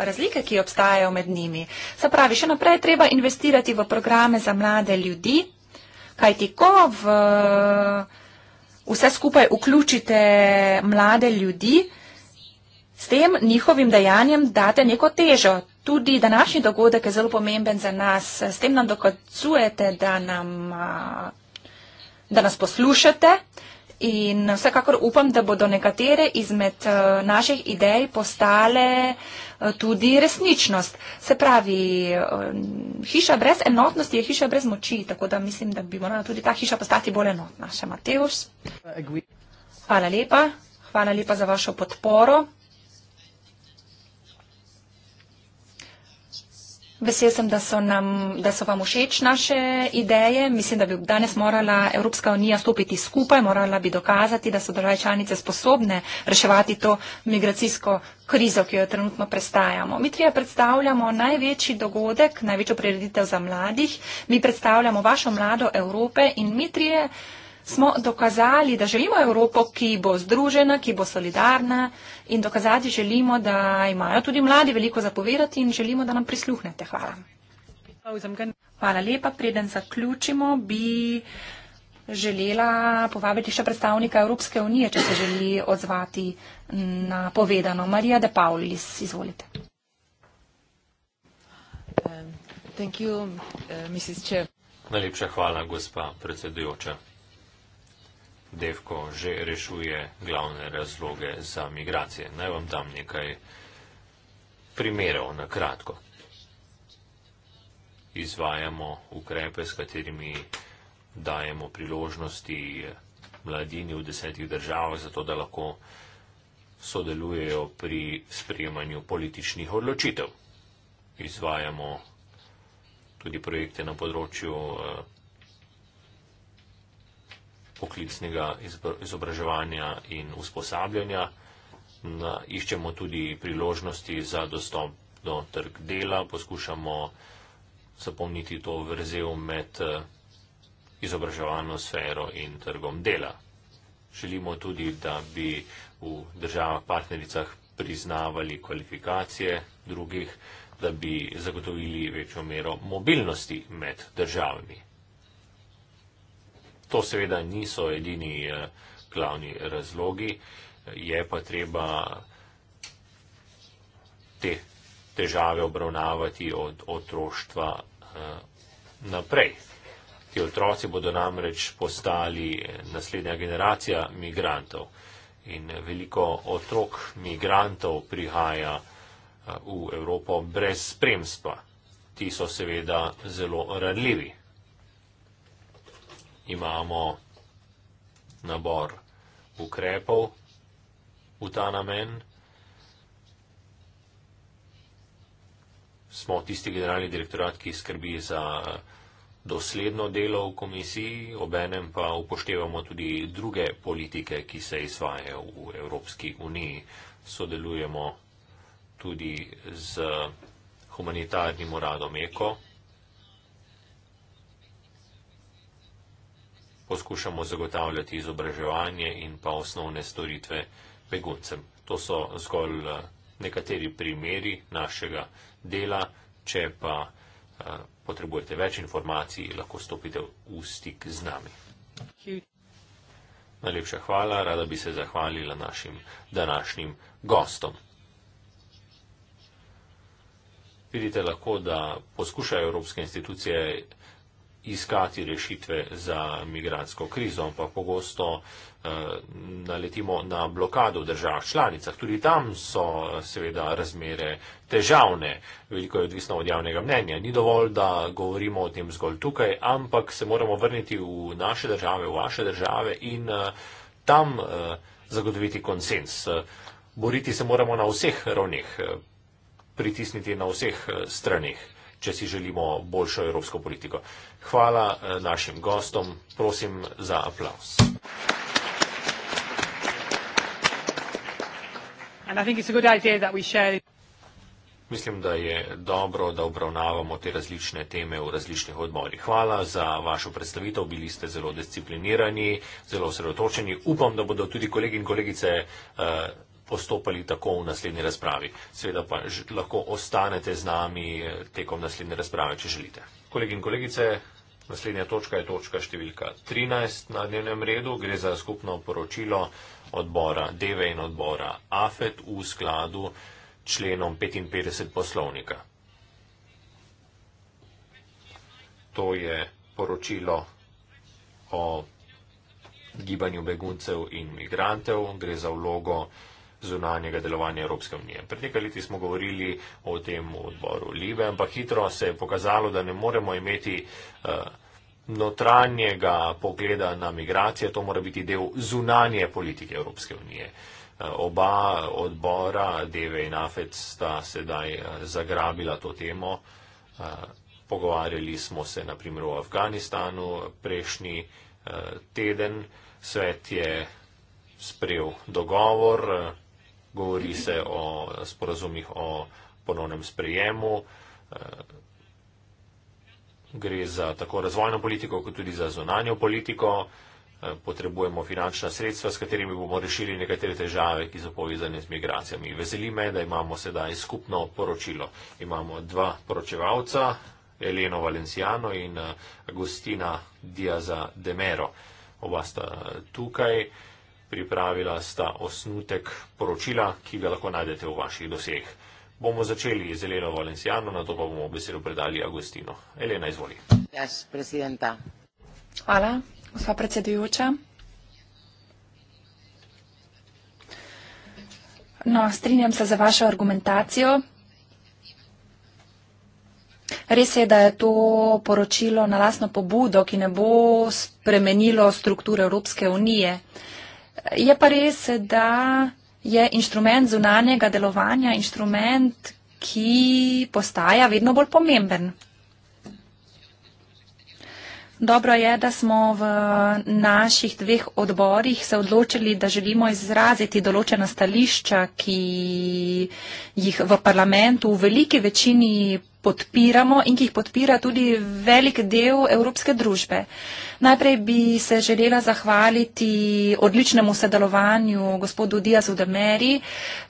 razlike, ki obstajajo med njimi. Se pravi, še naprej treba investirati v programe za mlade ljudi, kajti ko v vse skupaj vključite mlade ljudi, s tem njihovim dejanjem date neko težo. Tudi današnji dogodek je zelo pomemben za nas. S tem nam dokazujete, da, nam, eh, da nas poslušate, In vsekakor upam, da bodo nekatere izmed eh, naših idej postale eh, tudi resničnost. Se pravi, eh, hiša brez enotnosti je hiša brez moči, tako da mislim, da bi morala tudi ta hiša postati bolj enotna. Še Mateus. Hvala lepa. Hvala lepa za vašo podporo. Vesel sem, da so, nam, da so vam všeč naše ideje. Mislim, da bi danes morala Evropska unija stopiti skupaj, morala bi dokazati, da so države članice sposobne reševati to migracijsko krizo, ki jo trenutno prestajamo. Mi trije predstavljamo največji dogodek, največjo prireditev za mladih. Mi predstavljamo vašo mlado Evrope in mi trije smo dokazali, da želimo Evropo, ki bo združena, ki bo solidarna in dokazati želimo, da imajo tudi mladi veliko zapovedati in želimo, da nam prisluhnete. Hvala. Hvala lepa. Preden zaključimo, bi želela povabiti še predstavnika Evropske unije, če se želi odzvati na povedano. Marija De Paulis, izvolite. Um, uh, Najlepša hvala, gospa predsedujoča. Devko že rešuje glavne razloge za migracije. Naj vam dam nekaj primerov na kratko. Izvajamo ukrepe, s katerimi dajemo priložnosti mladini v desetih državah, zato da lahko sodelujejo pri sprejemanju političnih odločitev. Izvajamo tudi projekte na področju eh, poklicnega izobraževanja in usposabljanja. Na, iščemo tudi priložnosti za dostop do trg dela, poskušamo zapomniti to vrzel med izobraževalno sfero in trgom dela. Želimo tudi, da bi v državah partnericah priznavali kvalifikacije drugih, da bi zagotovili večjo mero mobilnosti med državami. To seveda niso edini eh, glavni razlogi, je pa treba te težave obravnavati od otroštva eh, naprej. Ti otroci bodo namreč postali eh, naslednja generacija migrantov in veliko otrok migrantov prihaja v Evropo brez spremstva. Ti so seveda zelo ranljivi imamo nabor ukrepov v ta namen. Smo tisti generalni direktorat, ki skrbi za dosledno delo v komisiji, obenem pa upoštevamo tudi druge politike, ki se izvajajo v Evropski uniji. Sodelujemo tudi z humanitarnim uradom ECO. poskušamo zagotavljati izobraževanje in pa osnovne storitve beguncem. To so zgolj eh, nekateri primeri našega dela, če pa eh, potrebujete več informacij, lahko stopite v stik z nami. Najlepša hvala, rada bi se zahvalila našim današnjim gostom. Vidite lahko, da poskušajo evropske institucije iskati rešitve za migransko krizo, ampak pogosto eh, naletimo na blokado v državah članicah. Tudi tam so eh, seveda razmere težavne, veliko je odvisno od javnega mnenja. Ni dovolj, da govorimo o tem zgolj tukaj, ampak se moramo vrniti v naše države, v vaše države in eh, tam zagotoviti konsens. Boriti se moramo na vseh ravneh, pritisniti na vseh straneh, če si želimo boljšo evropsko politiko. Hvala eh, našim gostom. Prosim za aplaus. Mislim, da je dobro, da obravnavamo te različne teme v različnih odmorih. Hvala za vašo predstavitev. Bili ste zelo disciplinirani, zelo osredotočeni. Upam, da bodo tudi kolegi in kolegice eh, postopali tako v naslednji razpravi. Seveda pa lahko ostanete z nami eh, tekom naslednje razprave, če želite. Kolegi in kolegice, naslednja točka je točka številka 13 na dnevnem redu. Gre za skupno poročilo odbora DV in odbora AFET v skladu členom 55 poslovnika. To je poročilo o gibanju beguncev in migrantev. Gre za vlogo zunanjega delovanja Evropske unije. Pred nekaj leti smo govorili o tem v odboru Libe, ampak hitro se je pokazalo, da ne moremo imeti eh, notranjega pogleda na migracije, to mora biti del zunanje politike Evropske unije. Eh, oba odbora, Deve in Afet, sta sedaj eh, zagrabila to temo. Pogovarjali smo se naprimer o Afganistanu prejšnji teden. Svet je sprejel dogovor, govori se o sporazumih o ponovnem sprejemu, eh, gre za tako razvojno politiko, kot tudi za zonanjo politiko, eh, potrebujemo finančna sredstva, s katerimi bomo rešili nekatere težave, ki so povezane z migracijami. Veseli me, da imamo sedaj skupno poročilo. Imamo dva poročevalca, Eleno Valenciano in eh, Agustina Diaza Demero. Oba sta tukaj. Pripravila sta osnutek poročila, ki ga lahko najdete v vaših dosjeh. Bomo začeli z Eleno Valencijano, na to pa bomo besedo predali Agostino. Elena, izvoli. Hvala, gospa predsedujoča. No, strinjam se za vašo argumentacijo. Res je, da je to poročilo na lasno pobudo, ki ne bo spremenilo strukture Evropske unije. Je pa res, da je instrument zunanjega delovanja instrument, ki postaja vedno bolj pomemben. Dobro je, da smo v naših dveh odborih se odločili, da želimo izraziti določena stališča, ki jih v parlamentu v veliki večini podpiramo in ki jih podpira tudi velik del evropske družbe. Najprej bi se želela zahvaliti odličnemu sodelovanju gospodu Diazu de Meri.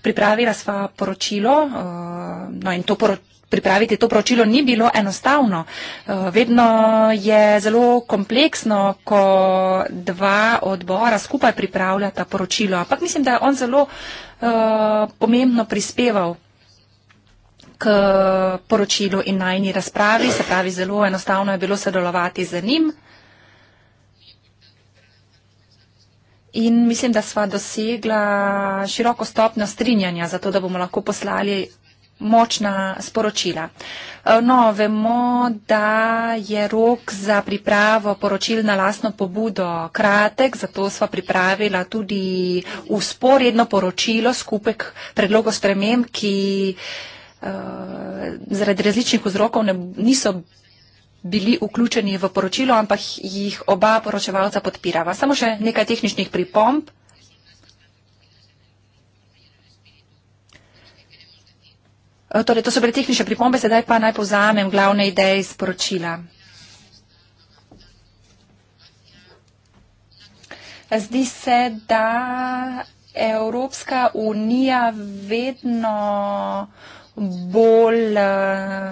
Pripravila sva poročilo, eh, no in to poročilo pripraviti to pročilo ni bilo enostavno. Eh, vedno je zelo kompleksno, ko dva odbora skupaj pripravljata pročilo, ampak mislim, da je on zelo eh, pomembno prispeval k poročilu in najni razpravi, se pravi, zelo enostavno je bilo sodelovati z njim. In mislim, da sva dosegla široko stopnjo strinjanja, zato da bomo lahko poslali močna sporočila. E, no, vemo, da je rok za pripravo poročil na lasno pobudo kratek, zato smo pripravila tudi usporedno poročilo skupek predlogov sprememb, ki e, zaradi različnih vzrokov ne, niso bili vključeni v poročilo, ampak jih oba poročevalca podpirava. Samo še nekaj tehničnih pripomp. Eh, torej, to so bile tehnične pripombe, sedaj pa naj povzamem glavne ideje iz poročila. Zdi se, da Evropska unija vedno bolj. Eh,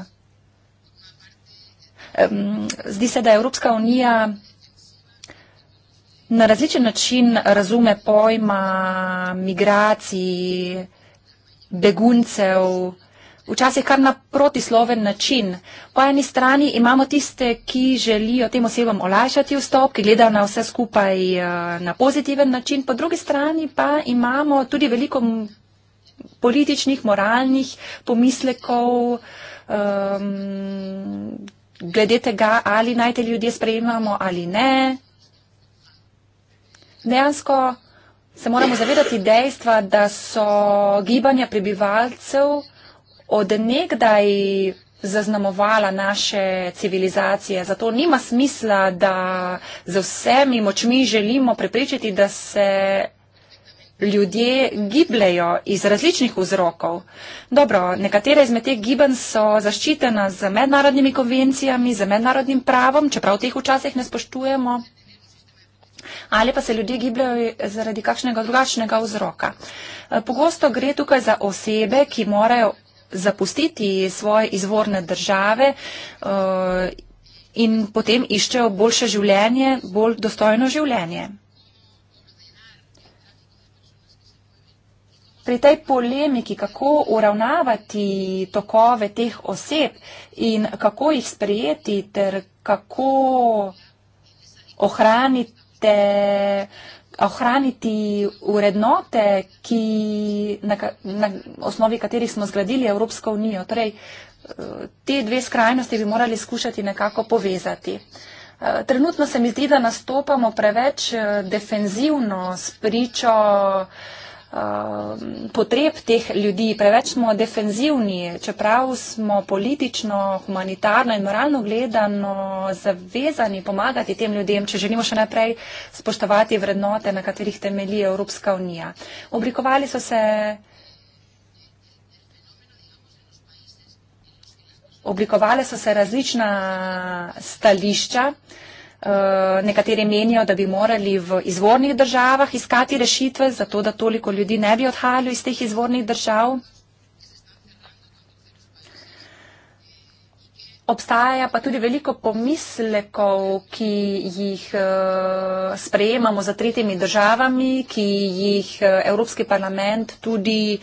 zdi se, da Evropska unija na različen način razume pojma migracij, beguncev, včasih kar na protisloven način. Po eni strani imamo tiste, ki želijo tem osebam olajšati vstop, ki gledajo na vse skupaj eh, na pozitiven način, po drugi strani pa imamo tudi veliko političnih, moralnih pomislekov um, glede tega, ali naj te ljudje sprejemamo ali ne. Dejansko se moramo zavedati dejstva, da so gibanja prebivalcev odnegdaj zaznamovala naše civilizacije. Zato nima smisla, da z vsemi močmi želimo prepričati, da se ljudje gibljajo iz različnih vzrokov. Dobro, nekatere izmed teh gibanj so zaščitena z mednarodnimi konvencijami, z mednarodnim pravom, čeprav teh včasih ne spoštujemo. Ali pa se ljudje gibljajo zaradi kakšnega drugačnega vzroka. Pogosto gre tukaj za osebe, ki morajo zapustiti svoje izvorne države eh, in potem iščejo boljše življenje, bolj dostojno življenje. Pri tej polemiki, kako uravnavati tokove teh oseb in kako jih sprejeti ter kako ohranite vsega, ohraniti urednote, ki, na, na osnovi katerih smo zgradili Evropsko unijo. Torej, te dve skrajnosti bi morali skušati nekako povezati. Trenutno se mi zdi, da nastopamo preveč eh, defenzivno s pričo Um, potreb teh ljudi. Preveč smo defenzivni, čeprav smo politično, humanitarno in moralno gledano zavezani pomagati tem ljudem, če želimo še naprej spoštovati vrednote, na katerih temelji Evropska unija. Oblikovali so se. Oblikovale so se različna stališča. Uh, Eh, nekateri menijo, da bi morali v izvornih državah iskati rešitve, zato da toliko ljudi ne bi odhajalo iz teh izvornih držav. Obstaja pa tudi veliko pomislekov, ki jih eh, sprejemamo za tretjimi državami, ki jih eh, Evropski parlament tudi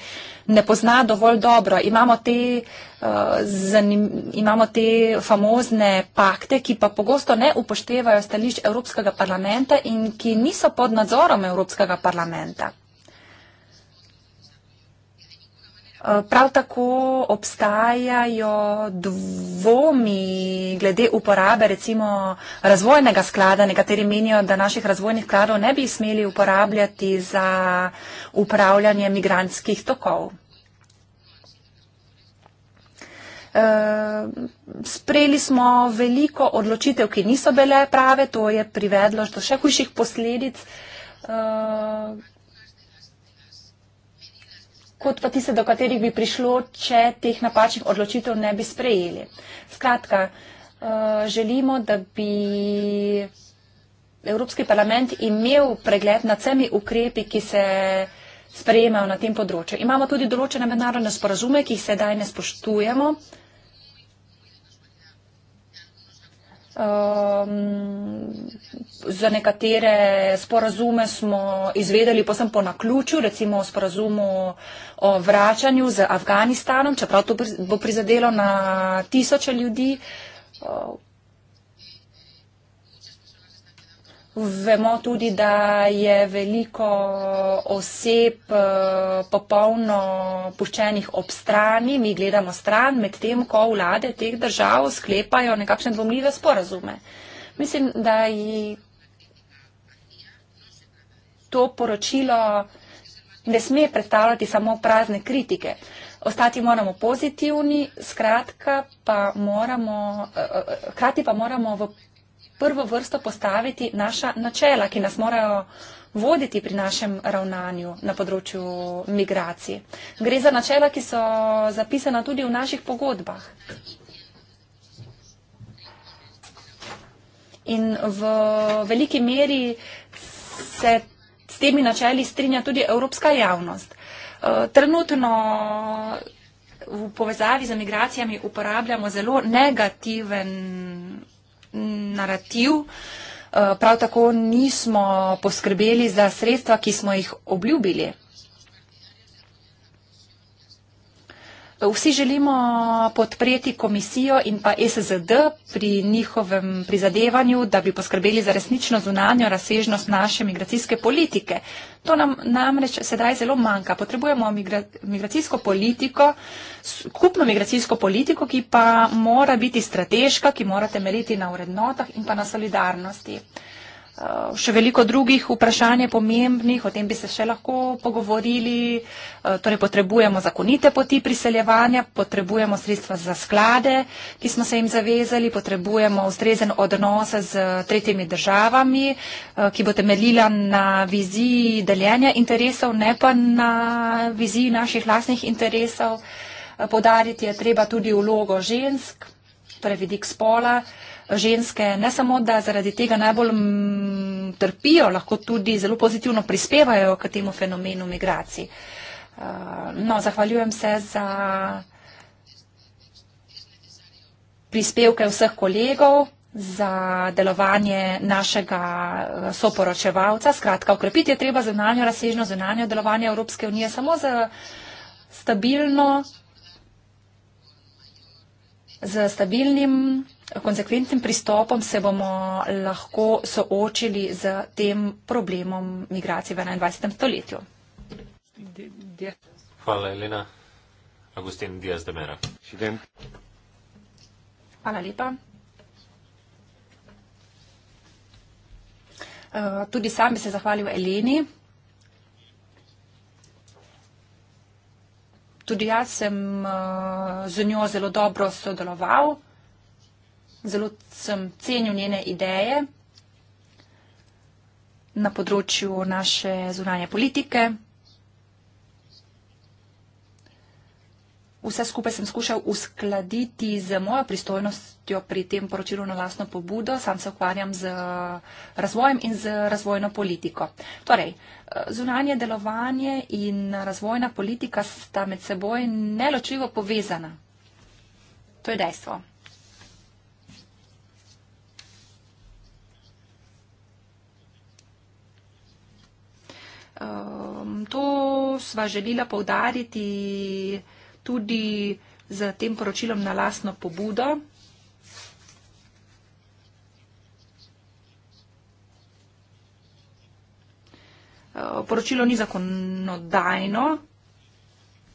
ne pozna dovolj dobro. Imamo te, eh, imamo te famozne pakte, ki pa pogosto ne upoštevajo stališč Evropskega parlamenta in ki niso pod nadzorom Evropskega parlamenta. Eh, prav tako obstajajo dvomi glede uporabe recimo razvojnega sklada. Nekateri menijo, da naših razvojnih skladov ne bi smeli uporabljati za upravljanje migranskih tokov. Eh, sprejeli smo veliko odločitev, ki niso bile prave, to je privedlo do še hujših posledic. Eh, kot pa tiste, do katerih bi prišlo, če teh napačnih odločitev ne bi sprejeli. Skratka, eh, želimo, da bi Evropski parlament imel pregled nad vsemi ukrepi, ki se sprejemajo na tem področju. Imamo tudi določene mednarodne sporazume, ki jih sedaj ne spoštujemo. Um, za nekatere sporazume smo izvedeli posem po naključju, recimo o sporazumu o vračanju z Afganistanom, čeprav to bo prizadelo na tisoče ljudi. Uh, Vemo tudi, da je veliko oseb eh, popolno puščenih ob strani, mi gledamo stran, medtem ko vlade teh držav sklepajo nekakšne dvomljive sporazume. Mislim, da ji to poročilo ne sme predstavljati samo prazne kritike. Ostati moramo pozitivni, skratka pa moramo, eh, eh, hkrati pa moramo v prvo vrsto postaviti naša načela, ki nas morajo voditi pri našem ravnanju na področju migracije. Gre za načela, ki so zapisana tudi v naših pogodbah. In v veliki meri se s temi načeli strinja tudi evropska javnost. E, trenutno v povezavi z migracijami uporabljamo zelo negativen narativ. Eh, prav tako nismo poskrbeli za sredstva, ki smo jih obljubili Vsi želimo podpreti komisijo in pa SZD pri njihovem prizadevanju, da bi poskrbeli za resnično zunanjo razsežnost naše migracijske politike. To nam namreč sedaj zelo manjka. Potrebujemo migra migracijsko politiko, skupno migracijsko politiko, ki pa mora biti strateška, ki mora temeljiti na vrednotah in pa na solidarnosti. Eh, še veliko drugih vprašanj je pomembnih, o tem bi se še lahko pogovorili. Eh, torej, potrebujemo zakonite poti priseljevanja, potrebujemo sredstva za sklade, ki smo se jim zavezali, potrebujemo ustrezen odnos z tretjimi državami, eh, ki bo temeljila na viziji deljenja interesov, ne pa na viziji naših lasnih interesov. Podariti je treba tudi vlogo žensk, torej vidik spola ženske ne samo, da zaradi tega najbolj trpijo, lahko tudi zelo pozitivno prispevajo k temu fenomenu migracij. Uh, no, zahvaljujem se za prispevke vseh kolegov, za delovanje našega uh, soporočevalca. Skratka, ukrepiti je treba zunanjo razsežno, zunanjo delovanje Evropske unije samo za stabilno, z stabilnim konsekventnim pristopom se bomo lahko soočili z tem problemom migracije v 21. stoletju. Hvala, Elena. Agustin Diaz de Mera. Hvala lepa. Eh, tudi sam bi se zahvalil Eleni. Tudi jaz sem eh, z njo zelo dobro sodeloval zelo sem cenil njene ideje na področju naše zunanje politike. Vse skupaj sem skušal uskladiti z mojo pristojnostjo pri tem poročilu na lastno pobudo. Sam se ukvarjam z eh, razvojem in z razvojno politiko. Torej, eh, zunanje delovanje in razvojna politika sta med seboj neločljivo povezana. To je dejstvo. Um, to sva želela povdariti tudi z tem poročilom na lastno pobudo. Ehm, poročilo ni zakonodajno,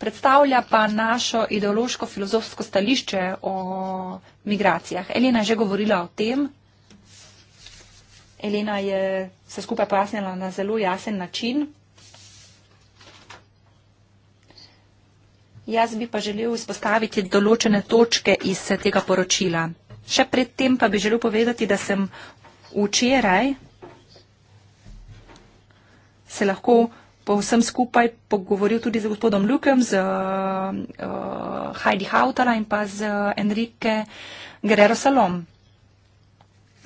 predstavlja pa našo ideološko-filozofsko stališče o migracijah. Elena je že govorila o tem. Elena je vse skupaj pojasnila na zelo jasen način. Jaz bi pa želel izpostaviti določene točke iz tega poročila. Še predtem pa bi želel povedati, da sem včeraj se lahko po vsem skupaj pogovoril tudi z gospodom Lukem, z uh, Heidi Hautala in pa z Enrique Guerrero Salom.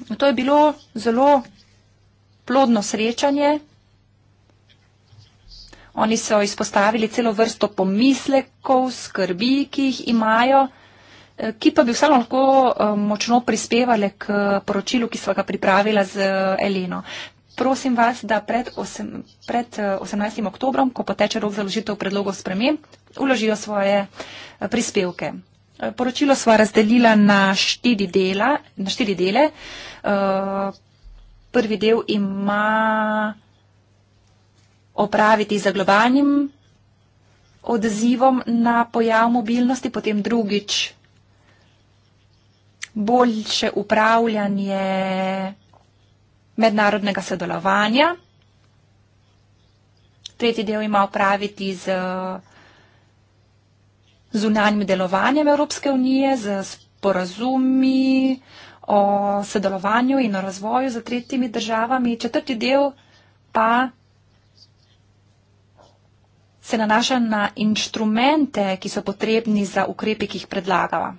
To je bilo zelo plodno srečanje. Oni so izpostavili celo vrsto pomislekov, skrbi, ki jih imajo, eh, ki pa bi vseeno lahko eh, močno prispevali k poročilu, ki smo ga pripravili z eh, Eleno. Prosim vas, da pred, osem, pred 18. oktobrom, ko poteče rok za ložitev predlogov sprememb, uložijo svoje prispevke. Poročilo sva razdelila na štiri, dela, na štiri dele. Eh, prvi del ima opraviti z globalnim odzivom na pojav mobilnosti, potem drugič boljše upravljanje mednarodnega sodelovanja, tretji del ima opraviti z eh, zunanjim delovanjem Evropske unije, z porazumi, uh, o sodelovanju in o razvoju z tretjimi državami. Četrti del pa se nanaša na inštrumente, ki so potrebni za ukrepe, ki jih predlagava.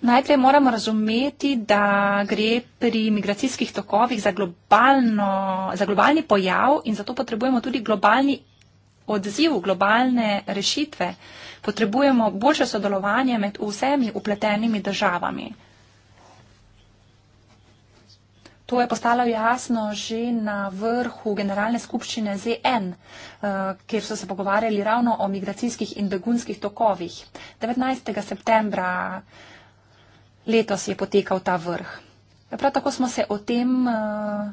Najprej moramo razumeti, da gre pri migracijskih tokovih za, globalno, za globalni pojav in zato potrebujemo tudi globalni odziv, globalne rešitve. Uh, potrebujemo boljše sodelovanje med vsemi upletenimi državami. To je postalo jasno že na vrhu generalne skupščine ZN, eh, kjer so se pogovarjali ravno o migracijskih in begunskih tokovih. 19. septembra letos je potekal ta vrh. Ja, prav tako smo se o tem eh,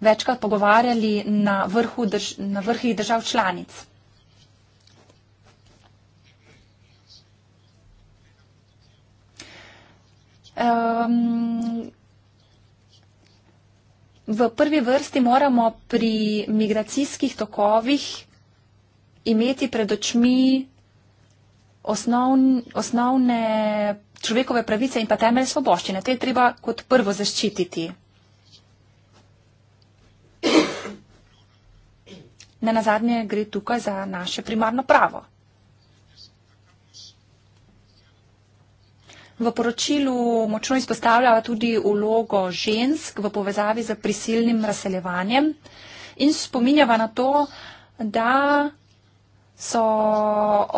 večkrat pogovarjali na, vrhu, na vrhih držav članic. Um, v prvi vrsti moramo pri migracijskih tokovih imeti pred očmi osnovn, osnovne človekove pravice in pa temelj svoboščine. Te je treba kot prvo zaščititi. Na nazadnje gre tukaj za naše primarno pravo. V poročilu močno izpostavlja tudi ulogo žensk v povezavi z prisilnim razseljevanjem in spominjava na to, da so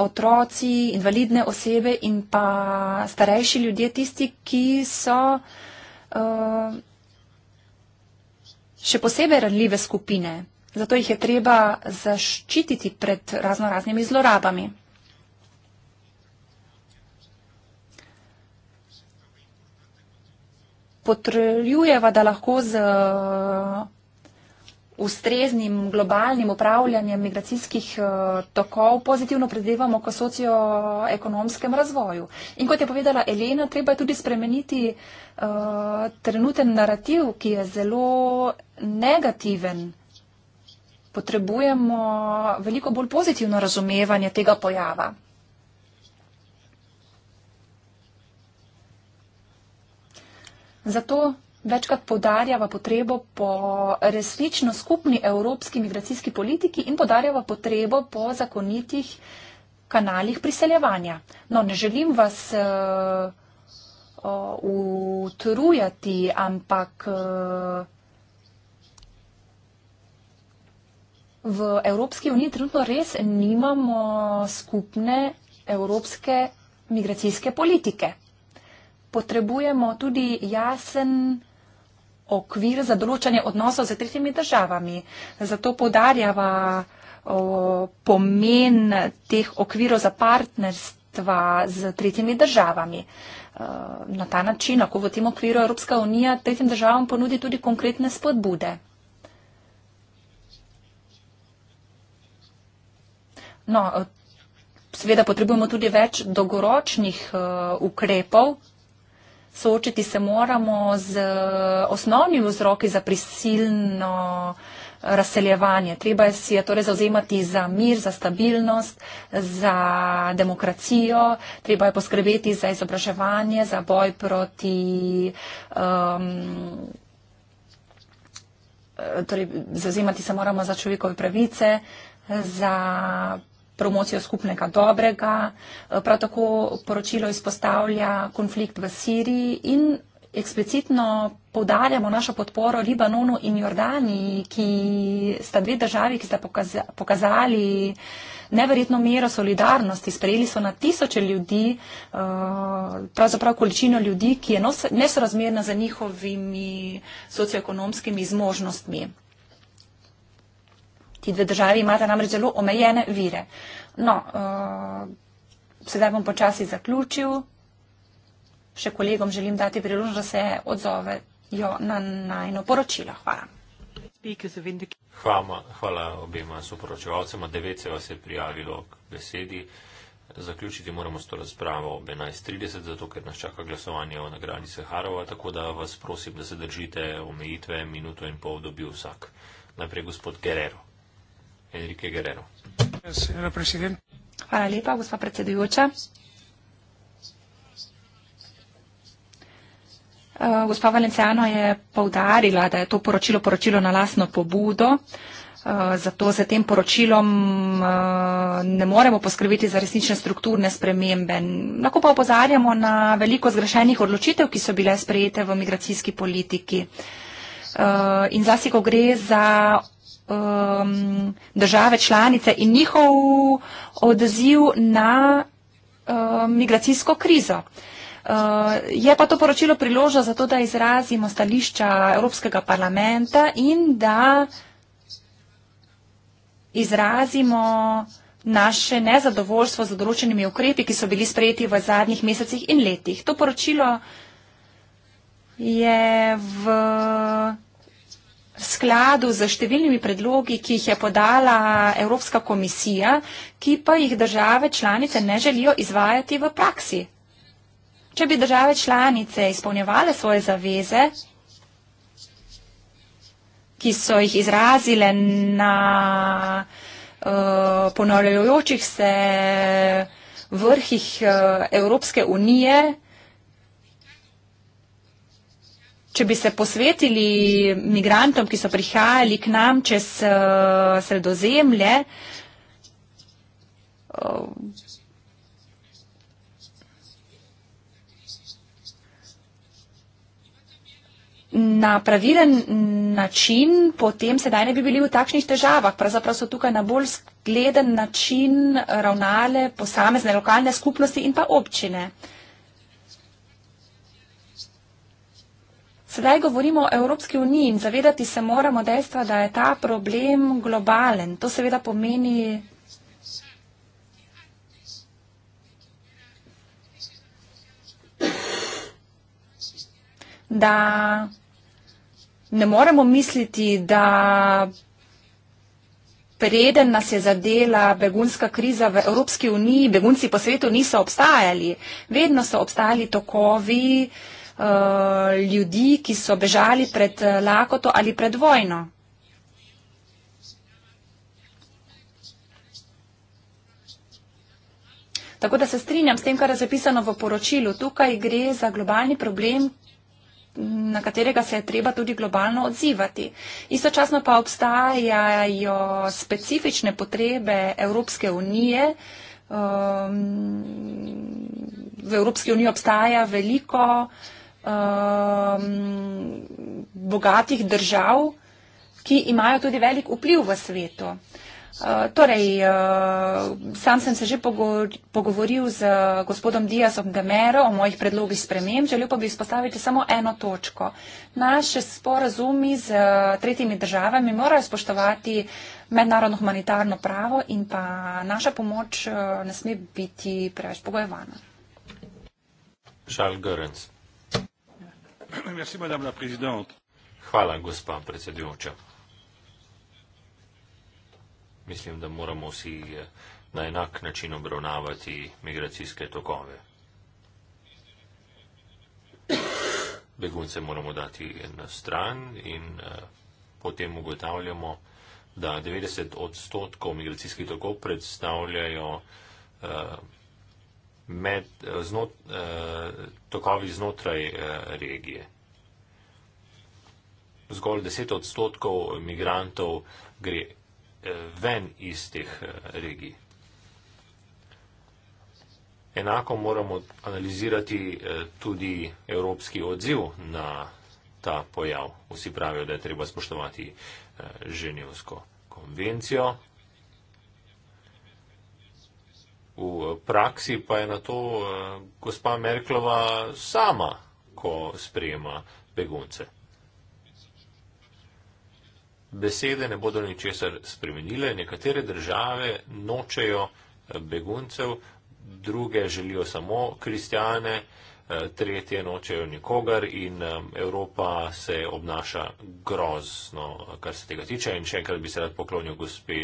otroci, invalidne osebe in pa starejši ljudje tisti, ki so uh, še posebej ranljive skupine. Zato jih je treba zaščititi pred raznoraznimi zlorabami. potrjujeva, da lahko z uh, ustreznim globalnim upravljanjem migracijskih uh, tokov pozitivno predvevamo k socioekonomskem razvoju. In kot je povedala Elena, treba je tudi spremeniti uh, trenuten narativ, ki je zelo negativen. Potrebujemo veliko bolj pozitivno razumevanje tega pojava. Zato večkrat podarjava potrebo po resnično skupni evropski migracijski politiki in podarjava potrebo po zakonitih kanalih priseljevanja. No, ne želim vas uh, uh, utrujati, ampak uh, v Evropski uniji trenutno res nimamo skupne evropske migracijske politike potrebujemo tudi jasen okvir za določanje odnosov z tretjimi državami. Zato podarjava o, pomen teh okvirov za partnerstva z tretjimi državami. E, na ta način lahko v tem okviru Evropska unija tretjim državam ponudi tudi konkretne spodbude. No, e, seveda potrebujemo tudi več dogoročnih uh, e, ukrepov, soočiti se moramo z eh, osnovni vzroki za prisilno eh, razseljevanje. Treba si je torej zauzemati za mir, za stabilnost, za demokracijo, treba je poskrbeti za izobraževanje, za boj proti. Um, torej, zauzemati se moramo za človekove pravice, za promocijo skupnega dobrega. Eh, prav tako poročilo izpostavlja konflikt v Siriji in eksplicitno podarjamo našo podporo Libanonu in Jordaniji, ki sta dve državi, ki sta pokaza pokazali neverjetno mero solidarnosti. Sprejeli so na tisoče ljudi, eh, pravzaprav količino ljudi, ki je nesorazmerna za njihovimi socioekonomskimi zmožnostmi. Ti dve državi imata namreč zelo omejene vire. No, uh, sedaj bom počasi zaključil. Še kolegom želim dati priložnost, da se odzovejo na najno poročilo. Hvala. Hvala, hvala obema soporočevalcema. Devet se vas je prijavilo k besedi. Zaključiti moramo s to razpravo ob 11.30, zato ker nas čaka glasovanje o nagradi Seharova, tako da vas prosim, da se držite omejitve minuto in pol dobi vsak. Najprej gospod Guerrero. Enrique Guerrero. Hvala lepa, gospa predsedujoča. Eh, gospa Valenciano je povdarila, da je to poročilo poročilo na lasno pobudo, eh, zato za tem poročilom eh, ne moremo poskrbiti za resnične strukturne spremembe. Lahko pa opozarjamo na veliko zgrešenih odločitev, ki so bile sprejete v migracijski politiki. In zasi, ko gre za um, države članice in njihov odziv na um, migracijsko krizo. Uh, je pa to poročilo priložno za to, da izrazimo stališča Evropskega parlamenta in da izrazimo naše nezadovoljstvo z odročenimi ukrepi, ki so bili sprejeti v zadnjih mesecih in letih. To poročilo je v v skladu z številnimi predlogi, ki jih je podala Evropska komisija, ki pa jih države članice ne želijo izvajati v praksi. Če bi države članice izpolnjevale svoje zaveze, ki so jih izrazile na uh, ponavljajočih se vrhih uh, Evropske unije, uh, Če bi se posvetili migrantom, ki so prihajali k nam čez uh, sredozemlje, eh, na pravilen način, potem sedaj ne bi bili v takšnih težavah. Pravzaprav so tukaj na bolj skleden način ravnale posamezne lokalne skupnosti in pa občine. Uh, Sedaj govorimo o Evropski uniji in zavedati se moramo dejstva, da je ta problem globalen. To seveda pomeni. da ne moremo misliti, da preden nas je zadela begunska kriza v Evropski uniji, begunci po svetu niso obstajali. Vedno so obstajali tokovi, uh, Eh, ljudi, ki so bežali pred eh, lakoto ali pred vojno. Tako da se strinjam s tem, kar je zapisano v poročilu. Tukaj gre za globalni problem, na katerega se je treba tudi globalno odzivati. Istočasno pa obstajajo specifične potrebe Evropske unije. Ehm, v Evropski uniji obstaja veliko uh, um, bogatih držav, ki imajo tudi velik vpliv v svetu. Uh, torej, uh, sam sem se že pogovoril z gospodom Diasom Gamero o mojih predlogih sprememb, želel pa bi izpostaviti samo eno točko. Naše sporazumi z uh, tretjimi državami morajo spoštovati mednarodno humanitarno pravo in pa naša pomoč uh, ne sme biti preveč pogojevana. Žal Görens. Hvala, gospa predsedujoča. Mislim, da moramo vsi eh, na enak način obravnavati migracijske tokove. Begunce moramo dati na stran in eh, potem ugotavljamo, da 90 odstotkov migracijskih tokov predstavljajo eh, med, eh, znot, eh, tokovi znotraj eh, regije. Zgolj 10 odstotkov imigrantov gre eh, ven iz teh eh, regij. Enako moramo analizirati eh, tudi evropski odziv na ta pojav. Vsi pravijo, da je treba spoštovati eh, Ženevsko konvencijo, V eh, praksi pa je na to eh, gospa Merklova sama, ko sprejema begunce. Besede ne bodo ničesar spremenile, nekatere države nočejo eh, beguncev, druge želijo samo kristijane, tretje nočejo nikogar in Evropa se obnaša grozno, kar se tega tiče. In še enkrat bi se rad poklonil gospe.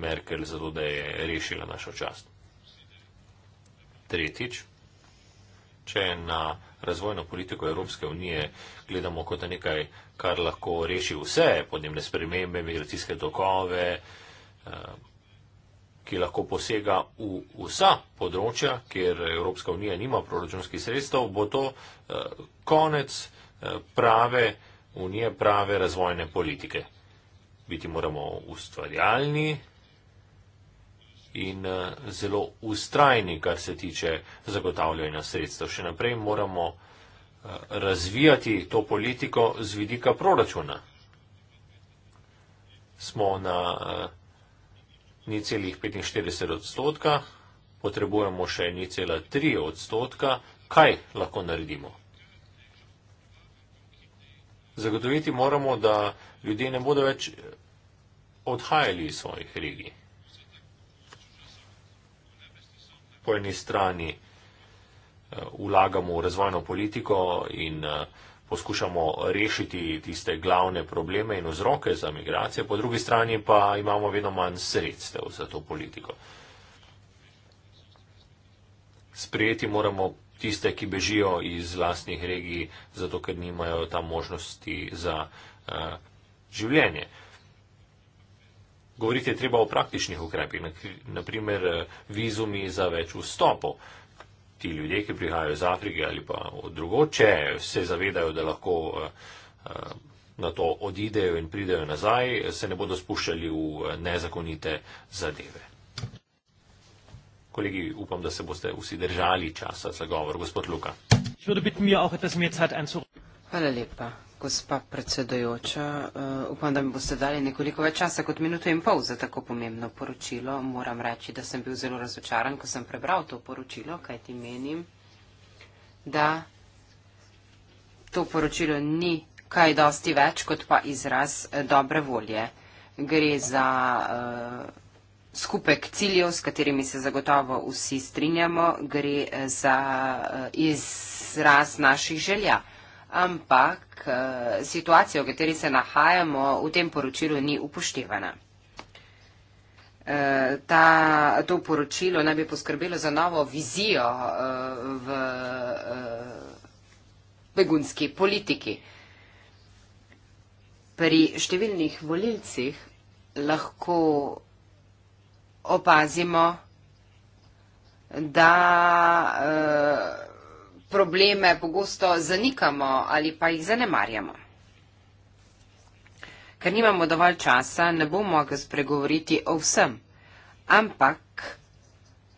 Merkel zato, da je rešila našo čast. Tretjič, če na razvojno politiko Evropske unije gledamo kot nekaj, kar lahko reši vse podnebne spremembe, migracijske tokove, eh, ki lahko posega v vsa področja, kjer Evropska unija nima proračunskih sredstev, bo to eh, konec eh, prave unije, prave razvojne politike. Biti moramo ustvarjalni, in eh, zelo ustrajni, kar se tiče zagotavljanja sredstev. Še naprej moramo eh, razvijati to politiko z vidika proračuna. Smo na eh, ni celih 45 odstotka, potrebujemo še ni cela 3 odstotka. Kaj lahko naredimo? Zagotoviti moramo, da ljudje ne bodo več odhajali iz svojih regij. po eni strani eh, vlagamo v razvojno politiko in eh, poskušamo rešiti tiste glavne probleme in vzroke za migracije, po drugi strani pa imamo vedno manj sredstev za to politiko. Sprejeti moramo tiste, ki bežijo iz vlastnih regij, zato ker nimajo tam možnosti za uh, življenje. Uh, Govoriti je treba o praktičnih ukrepih, naprimer eh, vizumi za več vstopov. Ti ljudje, ki prihajajo iz Afrike ali pa od drugoče, se zavedajo, da lahko eh, eh, na to odidejo in pridejo nazaj, se ne bodo spuščali v nezakonite zadeve. Kolegi, upam, da se boste vsi držali časa za govor. Gospod Luka. Hvala lepa gospa predsedojoča. Uh, eh, upam, da mi boste dali nekoliko več časa kot minuto in pol za tako pomembno poročilo. Moram reči, da sem bil zelo razočaran, ko sem prebral to poročilo, kaj ti menim, da to poročilo ni kaj dosti več kot pa izraz eh, dobre volje. Gre za uh, skupek ciljev, s katerimi se zagotovo vsi strinjamo, gre za uh, izraz naših želja ampak eh, situacija, v kateri se nahajamo, v tem poročilu ni upoštevana. Eh, ta, to poročilo naj bi poskrbelo za novo vizijo eh, v begunski politiki. Pri številnih volilcih lahko opazimo, da probleme pogosto zanikamo ali pa jih zanemarjamo. Ker nimamo dovolj časa, ne bom mogel spregovoriti o vsem, ampak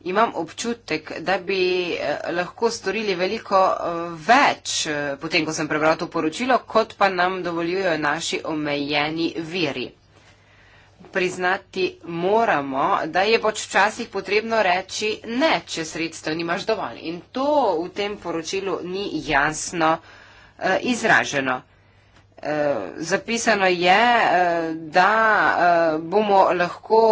imam občutek, da bi eh, lahko storili veliko eh, več, eh, potem ko sem prebral to poročilo, kot pa nam dovoljujo naši omejeni veri priznati moramo, da je pač včasih potrebno reči ne, če sredstev nimaš dovolj. In to v tem poročilu ni jasno eh, izraženo. Eh, zapisano je, eh, da bomo lahko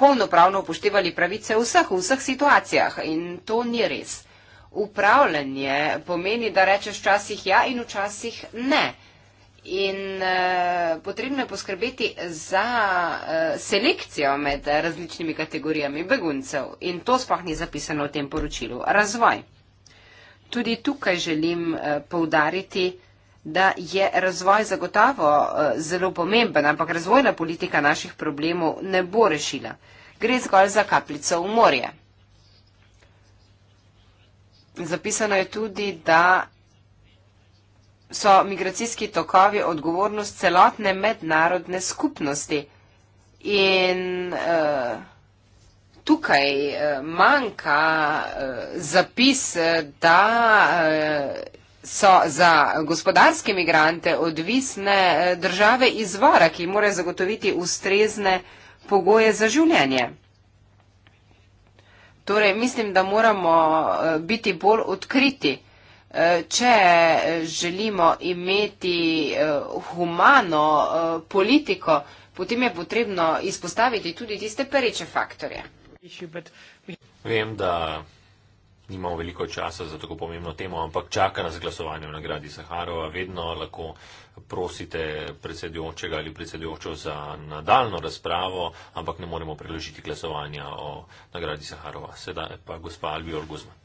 polnopravno upoštevali pravice vseh, v vseh situacijah in to ni res. Upravljanje pomeni, da rečeš včasih ja in včasih ne. In uh, potrebno je poskrbeti za uh, selekcijo med različnimi kategorijami beguncev. In to sploh ni zapisano v tem poročilu. Razvoj. Tudi tukaj želim uh, poudariti, da je razvoj zagotavo uh, zelo pomemben, ampak razvojna politika naših problemov ne bo rešila. Gre zgolj za kapljico v morje. Zapisano je tudi, da so migracijski tokovi odgovornost celotne mednarodne skupnosti. In uh, tukaj uh, manjka uh, zapis, da uh, so za gospodarske migrante odvisne države izvora, ki morajo zagotoviti ustrezne pogoje za življenje. Torej, mislim, da moramo uh, biti bolj odkriti. Eh, če želimo imeti eh, humano eh, politiko, potem je potrebno izpostaviti tudi tiste pereče faktorje. Vem, da nimamo veliko časa za tako pomembno temo, ampak čaka nas glasovanje v nagradi Saharova. Vedno lahko prosite predsedujočega ali predsedujočo za nadaljno razpravo, ampak ne moremo preložiti glasovanja o nagradi Saharova. Sedaj pa gospa Albior Guzman.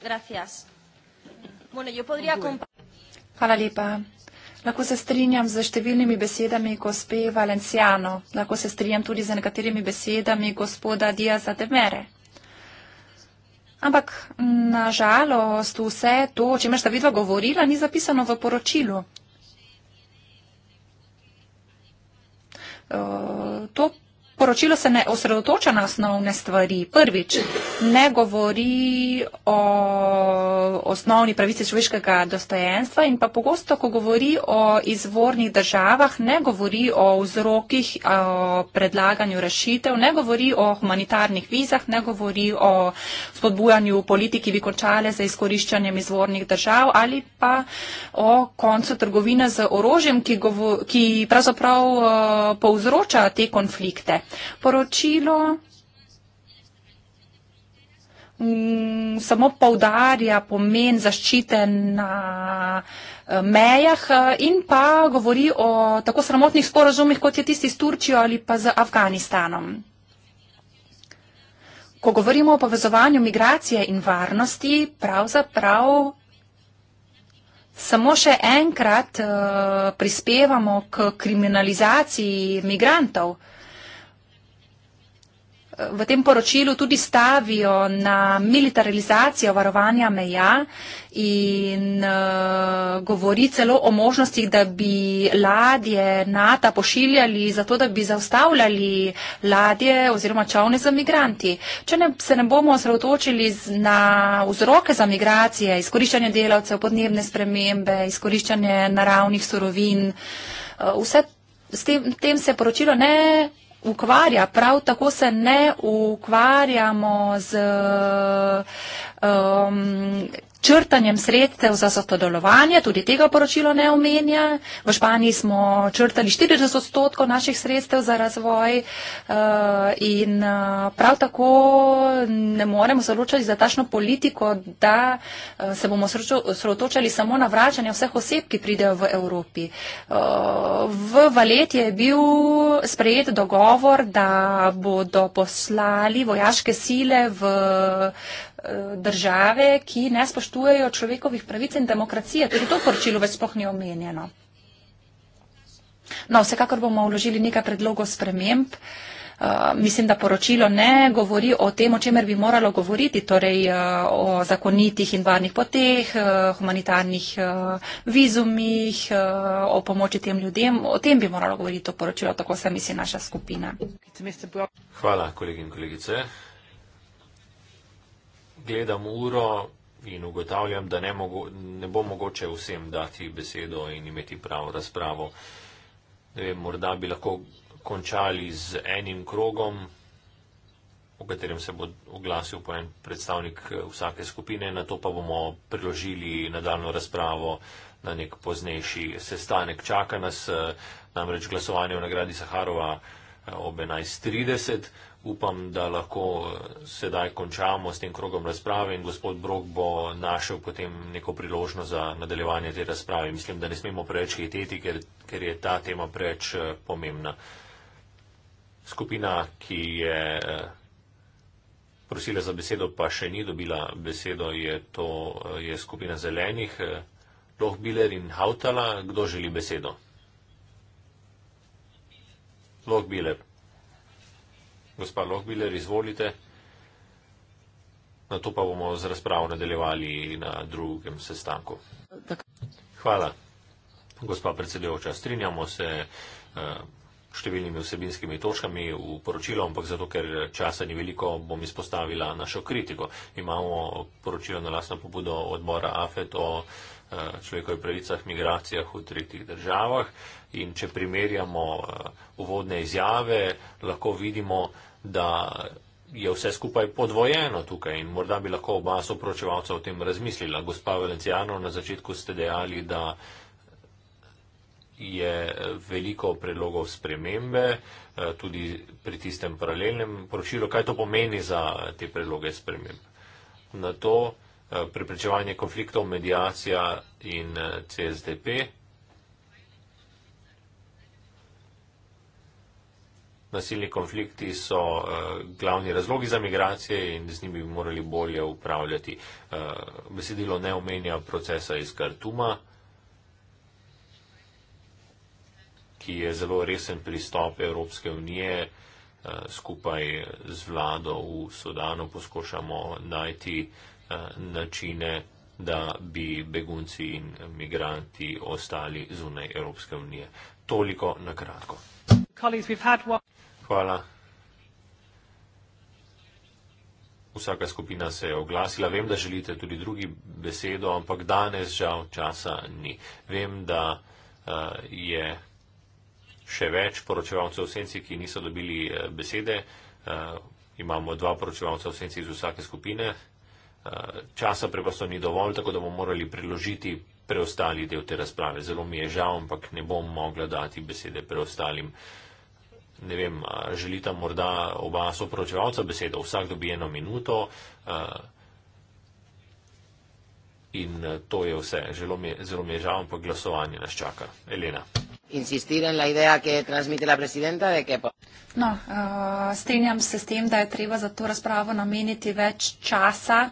Gracias. Thank you. Hvala lepa. Lahko se strinjam z številnimi besedami gospe Valenciano, lahko se strinjam tudi z nekaterimi besedami gospoda Diaza de Mere. Ampak na žalost vse to, o čemer sta vidva govorila, ni zapisano v poročilu. To poročilo se ne osredotoča na osnovne stvari. Prvič, ne govori o osnovni pravici človeškega dostojenstva in pa pogosto, ko govori o izvornih državah, ne govori o vzrokih, o predlaganju rešitev, ne govori o humanitarnih vizah, ne govori o spodbujanju politiki bi končale za izkoriščanjem izvornih držav ali pa o koncu trgovine z orožjem, ki, govo, ki pravzaprav uh, povzroča te konflikte. Poročilo mm, samo povdarja pomen zaščite na eh, mejah eh, in pa govori o tako sramotnih sporazumih, kot je tisti s Turčijo ali pa z Afganistanom. Ko govorimo o povezovanju migracije in varnosti, pravzaprav samo še enkrat eh, prispevamo k kriminalizaciji migrantov v tem poročilu tudi stavijo na militarizacijo varovanja meja in uh, govori celo o možnostih, da bi ladje NATO pošiljali zato, da bi zaustavljali ladje oziroma čovne za migranti. Če ne, se ne bomo osredotočili na vzroke za migracije, izkoriščanje delavcev, podnebne spremembe, izkoriščanje naravnih surovin, uh, vse s tem, tem se poročilo ne ukvarja, prav tako se ne ukvarjamo z um, črtanjem sredstev za sodelovanje, tudi tega poročilo ne omenja. V Španiji smo črtali 40 odstotkov naših sredstev za razvoj uh, in uh, prav tako ne moremo zaločati za tašno politiko, da uh, se bomo sročočali samo na vračanje vseh oseb, ki pridejo v Evropi. Uh, v Valeti je bil sprejet dogovor, da bodo poslali vojaške sile v. Uh, države, ki ne spoštujejo človekovih pravic in demokracije. Tudi to poročilo več spohni omenjeno. No, vsekakor bomo vložili nekaj predlogov sprememb. Uh, mislim, da poročilo ne govori o tem, o čemer bi moralo govoriti, torej uh, o zakonitih in varnih poteh, uh, humanitarnih uh, vizumih, uh, o pomoči tem ljudem. O tem bi moralo govoriti to poročilo, tako se misli naša skupina. Hvala, kolegi in kolegice gledam uro in ugotavljam, da ne, mogo, ne bo mogoče vsem dati besedo in imeti pravo razpravo. Vem, morda bi lahko končali z enim krogom, v katerem se bo oglasil po en predstavnik eh, vsake skupine, na to pa bomo priložili nadaljno razpravo na nek poznejši sestanek. Čaka nas eh, namreč glasovanje o nagradi Saharova eh, ob 11.30 upam, da lahko eh, sedaj končamo s tem krogom razprave in gospod Brok bo našel potem neko priložnost za nadaljevanje te razprave. Mislim, da ne smemo preveč hiteti, ker, ker je ta tema preveč eh, pomembna. Skupina, ki je eh, prosila za besedo, pa še ni dobila besedo, je, to, je skupina zelenih, Lohbiler in Hautala. Kdo želi besedo? Lohbiler. Gospa Lohbiler, izvolite. Na to pa bomo z razpravo nadaljevali na drugem sestanku. Hvala, gospa predsedujoča. Strinjamo se eh, številnimi vsebinskimi točkami v poročilo, ampak zato, ker časa ni veliko, bom izpostavila našo kritiko. Imamo poročilo na lasno pobudo odbora AFET o eh, človekovih pravicah, migracijah v tretjih državah in če primerjamo eh, uvodne izjave, lahko vidimo, da je vse skupaj podvojeno tukaj in morda bi lahko oba soproševalca o tem razmislila. Gospa Valencijano, na začetku ste dejali, da je veliko predlogov spremembe, eh, tudi pri tistem paralelnem poročilu. Kaj to pomeni za te predloge sprememb? Na to eh, preprečevanje konfliktov, medijacija in eh, CSDP. nasilni konflikti so uh, glavni razlogi za migracije in z njimi bi morali bolje upravljati. Uh, besedilo ne omenja procesa iz Kartuma, ki je zelo resen pristop Evropske unije. Uh, skupaj z vlado v Sudanu poskušamo najti uh, načine, da bi begunci in migranti ostali zunaj Evropske unije. Toliko na kratko. Colleagues, we've had one. Hvala. Vsaka skupina se je oglasila. Vem, da želite tudi drugi besedo, ampak danes žal časa ni. Vem, da uh, je še več poročevalcev v senci, ki niso dobili uh, besede. Uh, imamo dva poročevalca v senci iz vsake skupine. Uh, časa preprosto ni dovolj, tako da bomo morali priložiti preostali del te razprave. Zelo mi je žal, ampak ne bom mogla dati besede preostalim. Uh, ne vem, želita morda oba soproočevalca besedo, vsak dobi eno minuto. In to je vse. Zelo mi je žal, ampak glasovanje nas čaka. Elena. No, uh, eh, strenjam se s tem, da je treba za to razpravo nameniti več časa,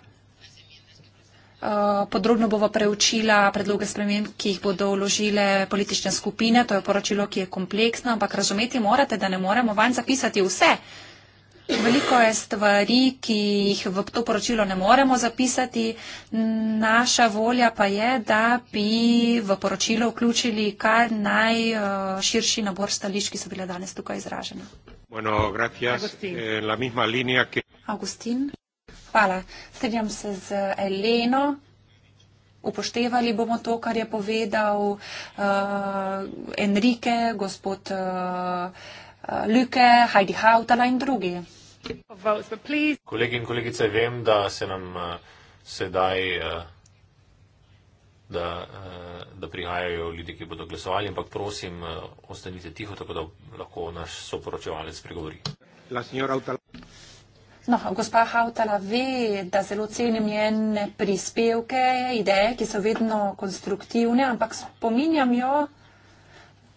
Eh, podrobno bova preučila predloge sprememb, ki jih bodo vložile politične skupine. To je poročilo, ki je kompleksno, ampak razumeti morate, da ne moremo vanj zapisati vse. Veliko je stvari, ki jih v to poročilo ne moremo zapisati. Naša volja pa je, da bi v poročilo vključili kar najširši nabor stališč, ki so bile danes tukaj izražene. Bueno, gracias. Augustin. Eh, la misma linija, ki... Augustin. Hvala. Strinjam se z Eleno. Upoštevali bomo to, kar je povedal uh, Enrique, gospod uh, Luke, Heidi Hautala in drugi. Kolegi in kolegice, vem, da se nam uh, sedaj. Uh, Da, da prihajajo ljudje, ki bodo glasovali, ampak prosim, ostanite tiho, tako da lahko naš soporočevalec pregovori. La No, gospa Hautala ve, da zelo cenim njene prispevke, ideje, ki so vedno konstruktivne, ampak spominjam jo,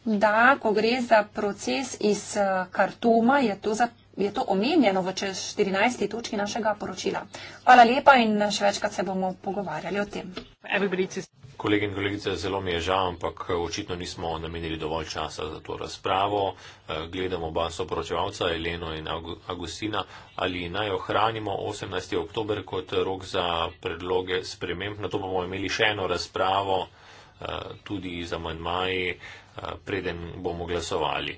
da ko gre za proces iz eh, Kartuma, je to, za, je to omenjeno v 14. točki našega poročila. Hvala lepa in še večkrat se bomo pogovarjali o tem. Everybody to... Kolegi in kolegice, zelo mi je žal, ampak eh, očitno nismo namenili dovolj časa za to razpravo. Eh, Gledamo oba soporočevalca, Eleno in Agustina, ali naj ohranimo 18. oktober kot rok za predloge sprememb. Na to bomo imeli še eno razpravo, eh, tudi z amanjmaji, preden bomo glasovali.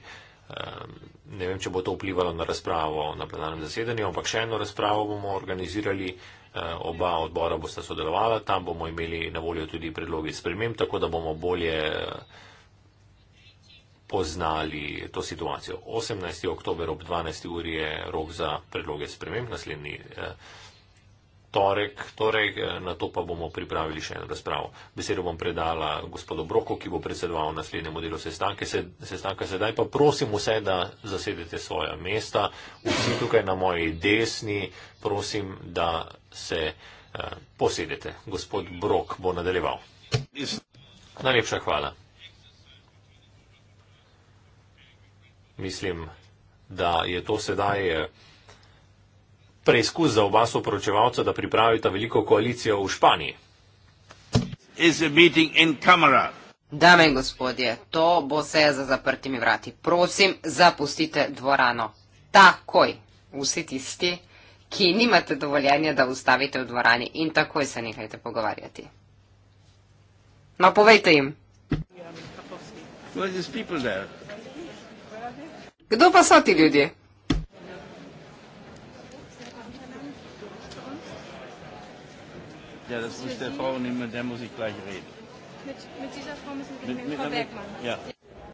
Ne vem, če bo to vplivalo na razpravo na plenarnem zasedanju, ampak še eno razpravo bomo organizirali. Eh, oba odbora boste sodelovala, tam bomo imeli na voljo tudi predlogi sprememb, tako da bomo bolje eh, poznali to situacijo. 18. oktober ob 12. uri je rok za predloge sprememb, naslednji eh, torek, torej na to pa bomo pripravili še eno razpravo. Besedo bom predala gospodu Broku, ki bo predsedoval naslednjemu delu sestanke. Se, sestanka sedaj pa prosim vse, da zasedete svoja mesta. Vsi tukaj na moji desni, prosim, da se uh, posedete. Gospod Brok bo nadaljeval. Najlepša hvala. Mislim, da je to sedaj. Uh, preizkus za oba soporočevalca, da pripravita veliko koalicijo v Španiji. Dame in gospodje, to bo se za zaprtimi vrati. Prosim, zapustite dvorano. Takoj vsi tisti, ki nimate dovoljenja, da ustavite v dvorani in takoj se nehajte pogovarjati. No, povejte jim. Kdo pa so ti ljudje? Ja, das ist der Frau, mit der muss ich gleich reden. Mit, mit dieser Frau müssen wir mit, mit, mit, mit, mit, mit, mit, mit, mit, mit Frau Bergmann. Ja.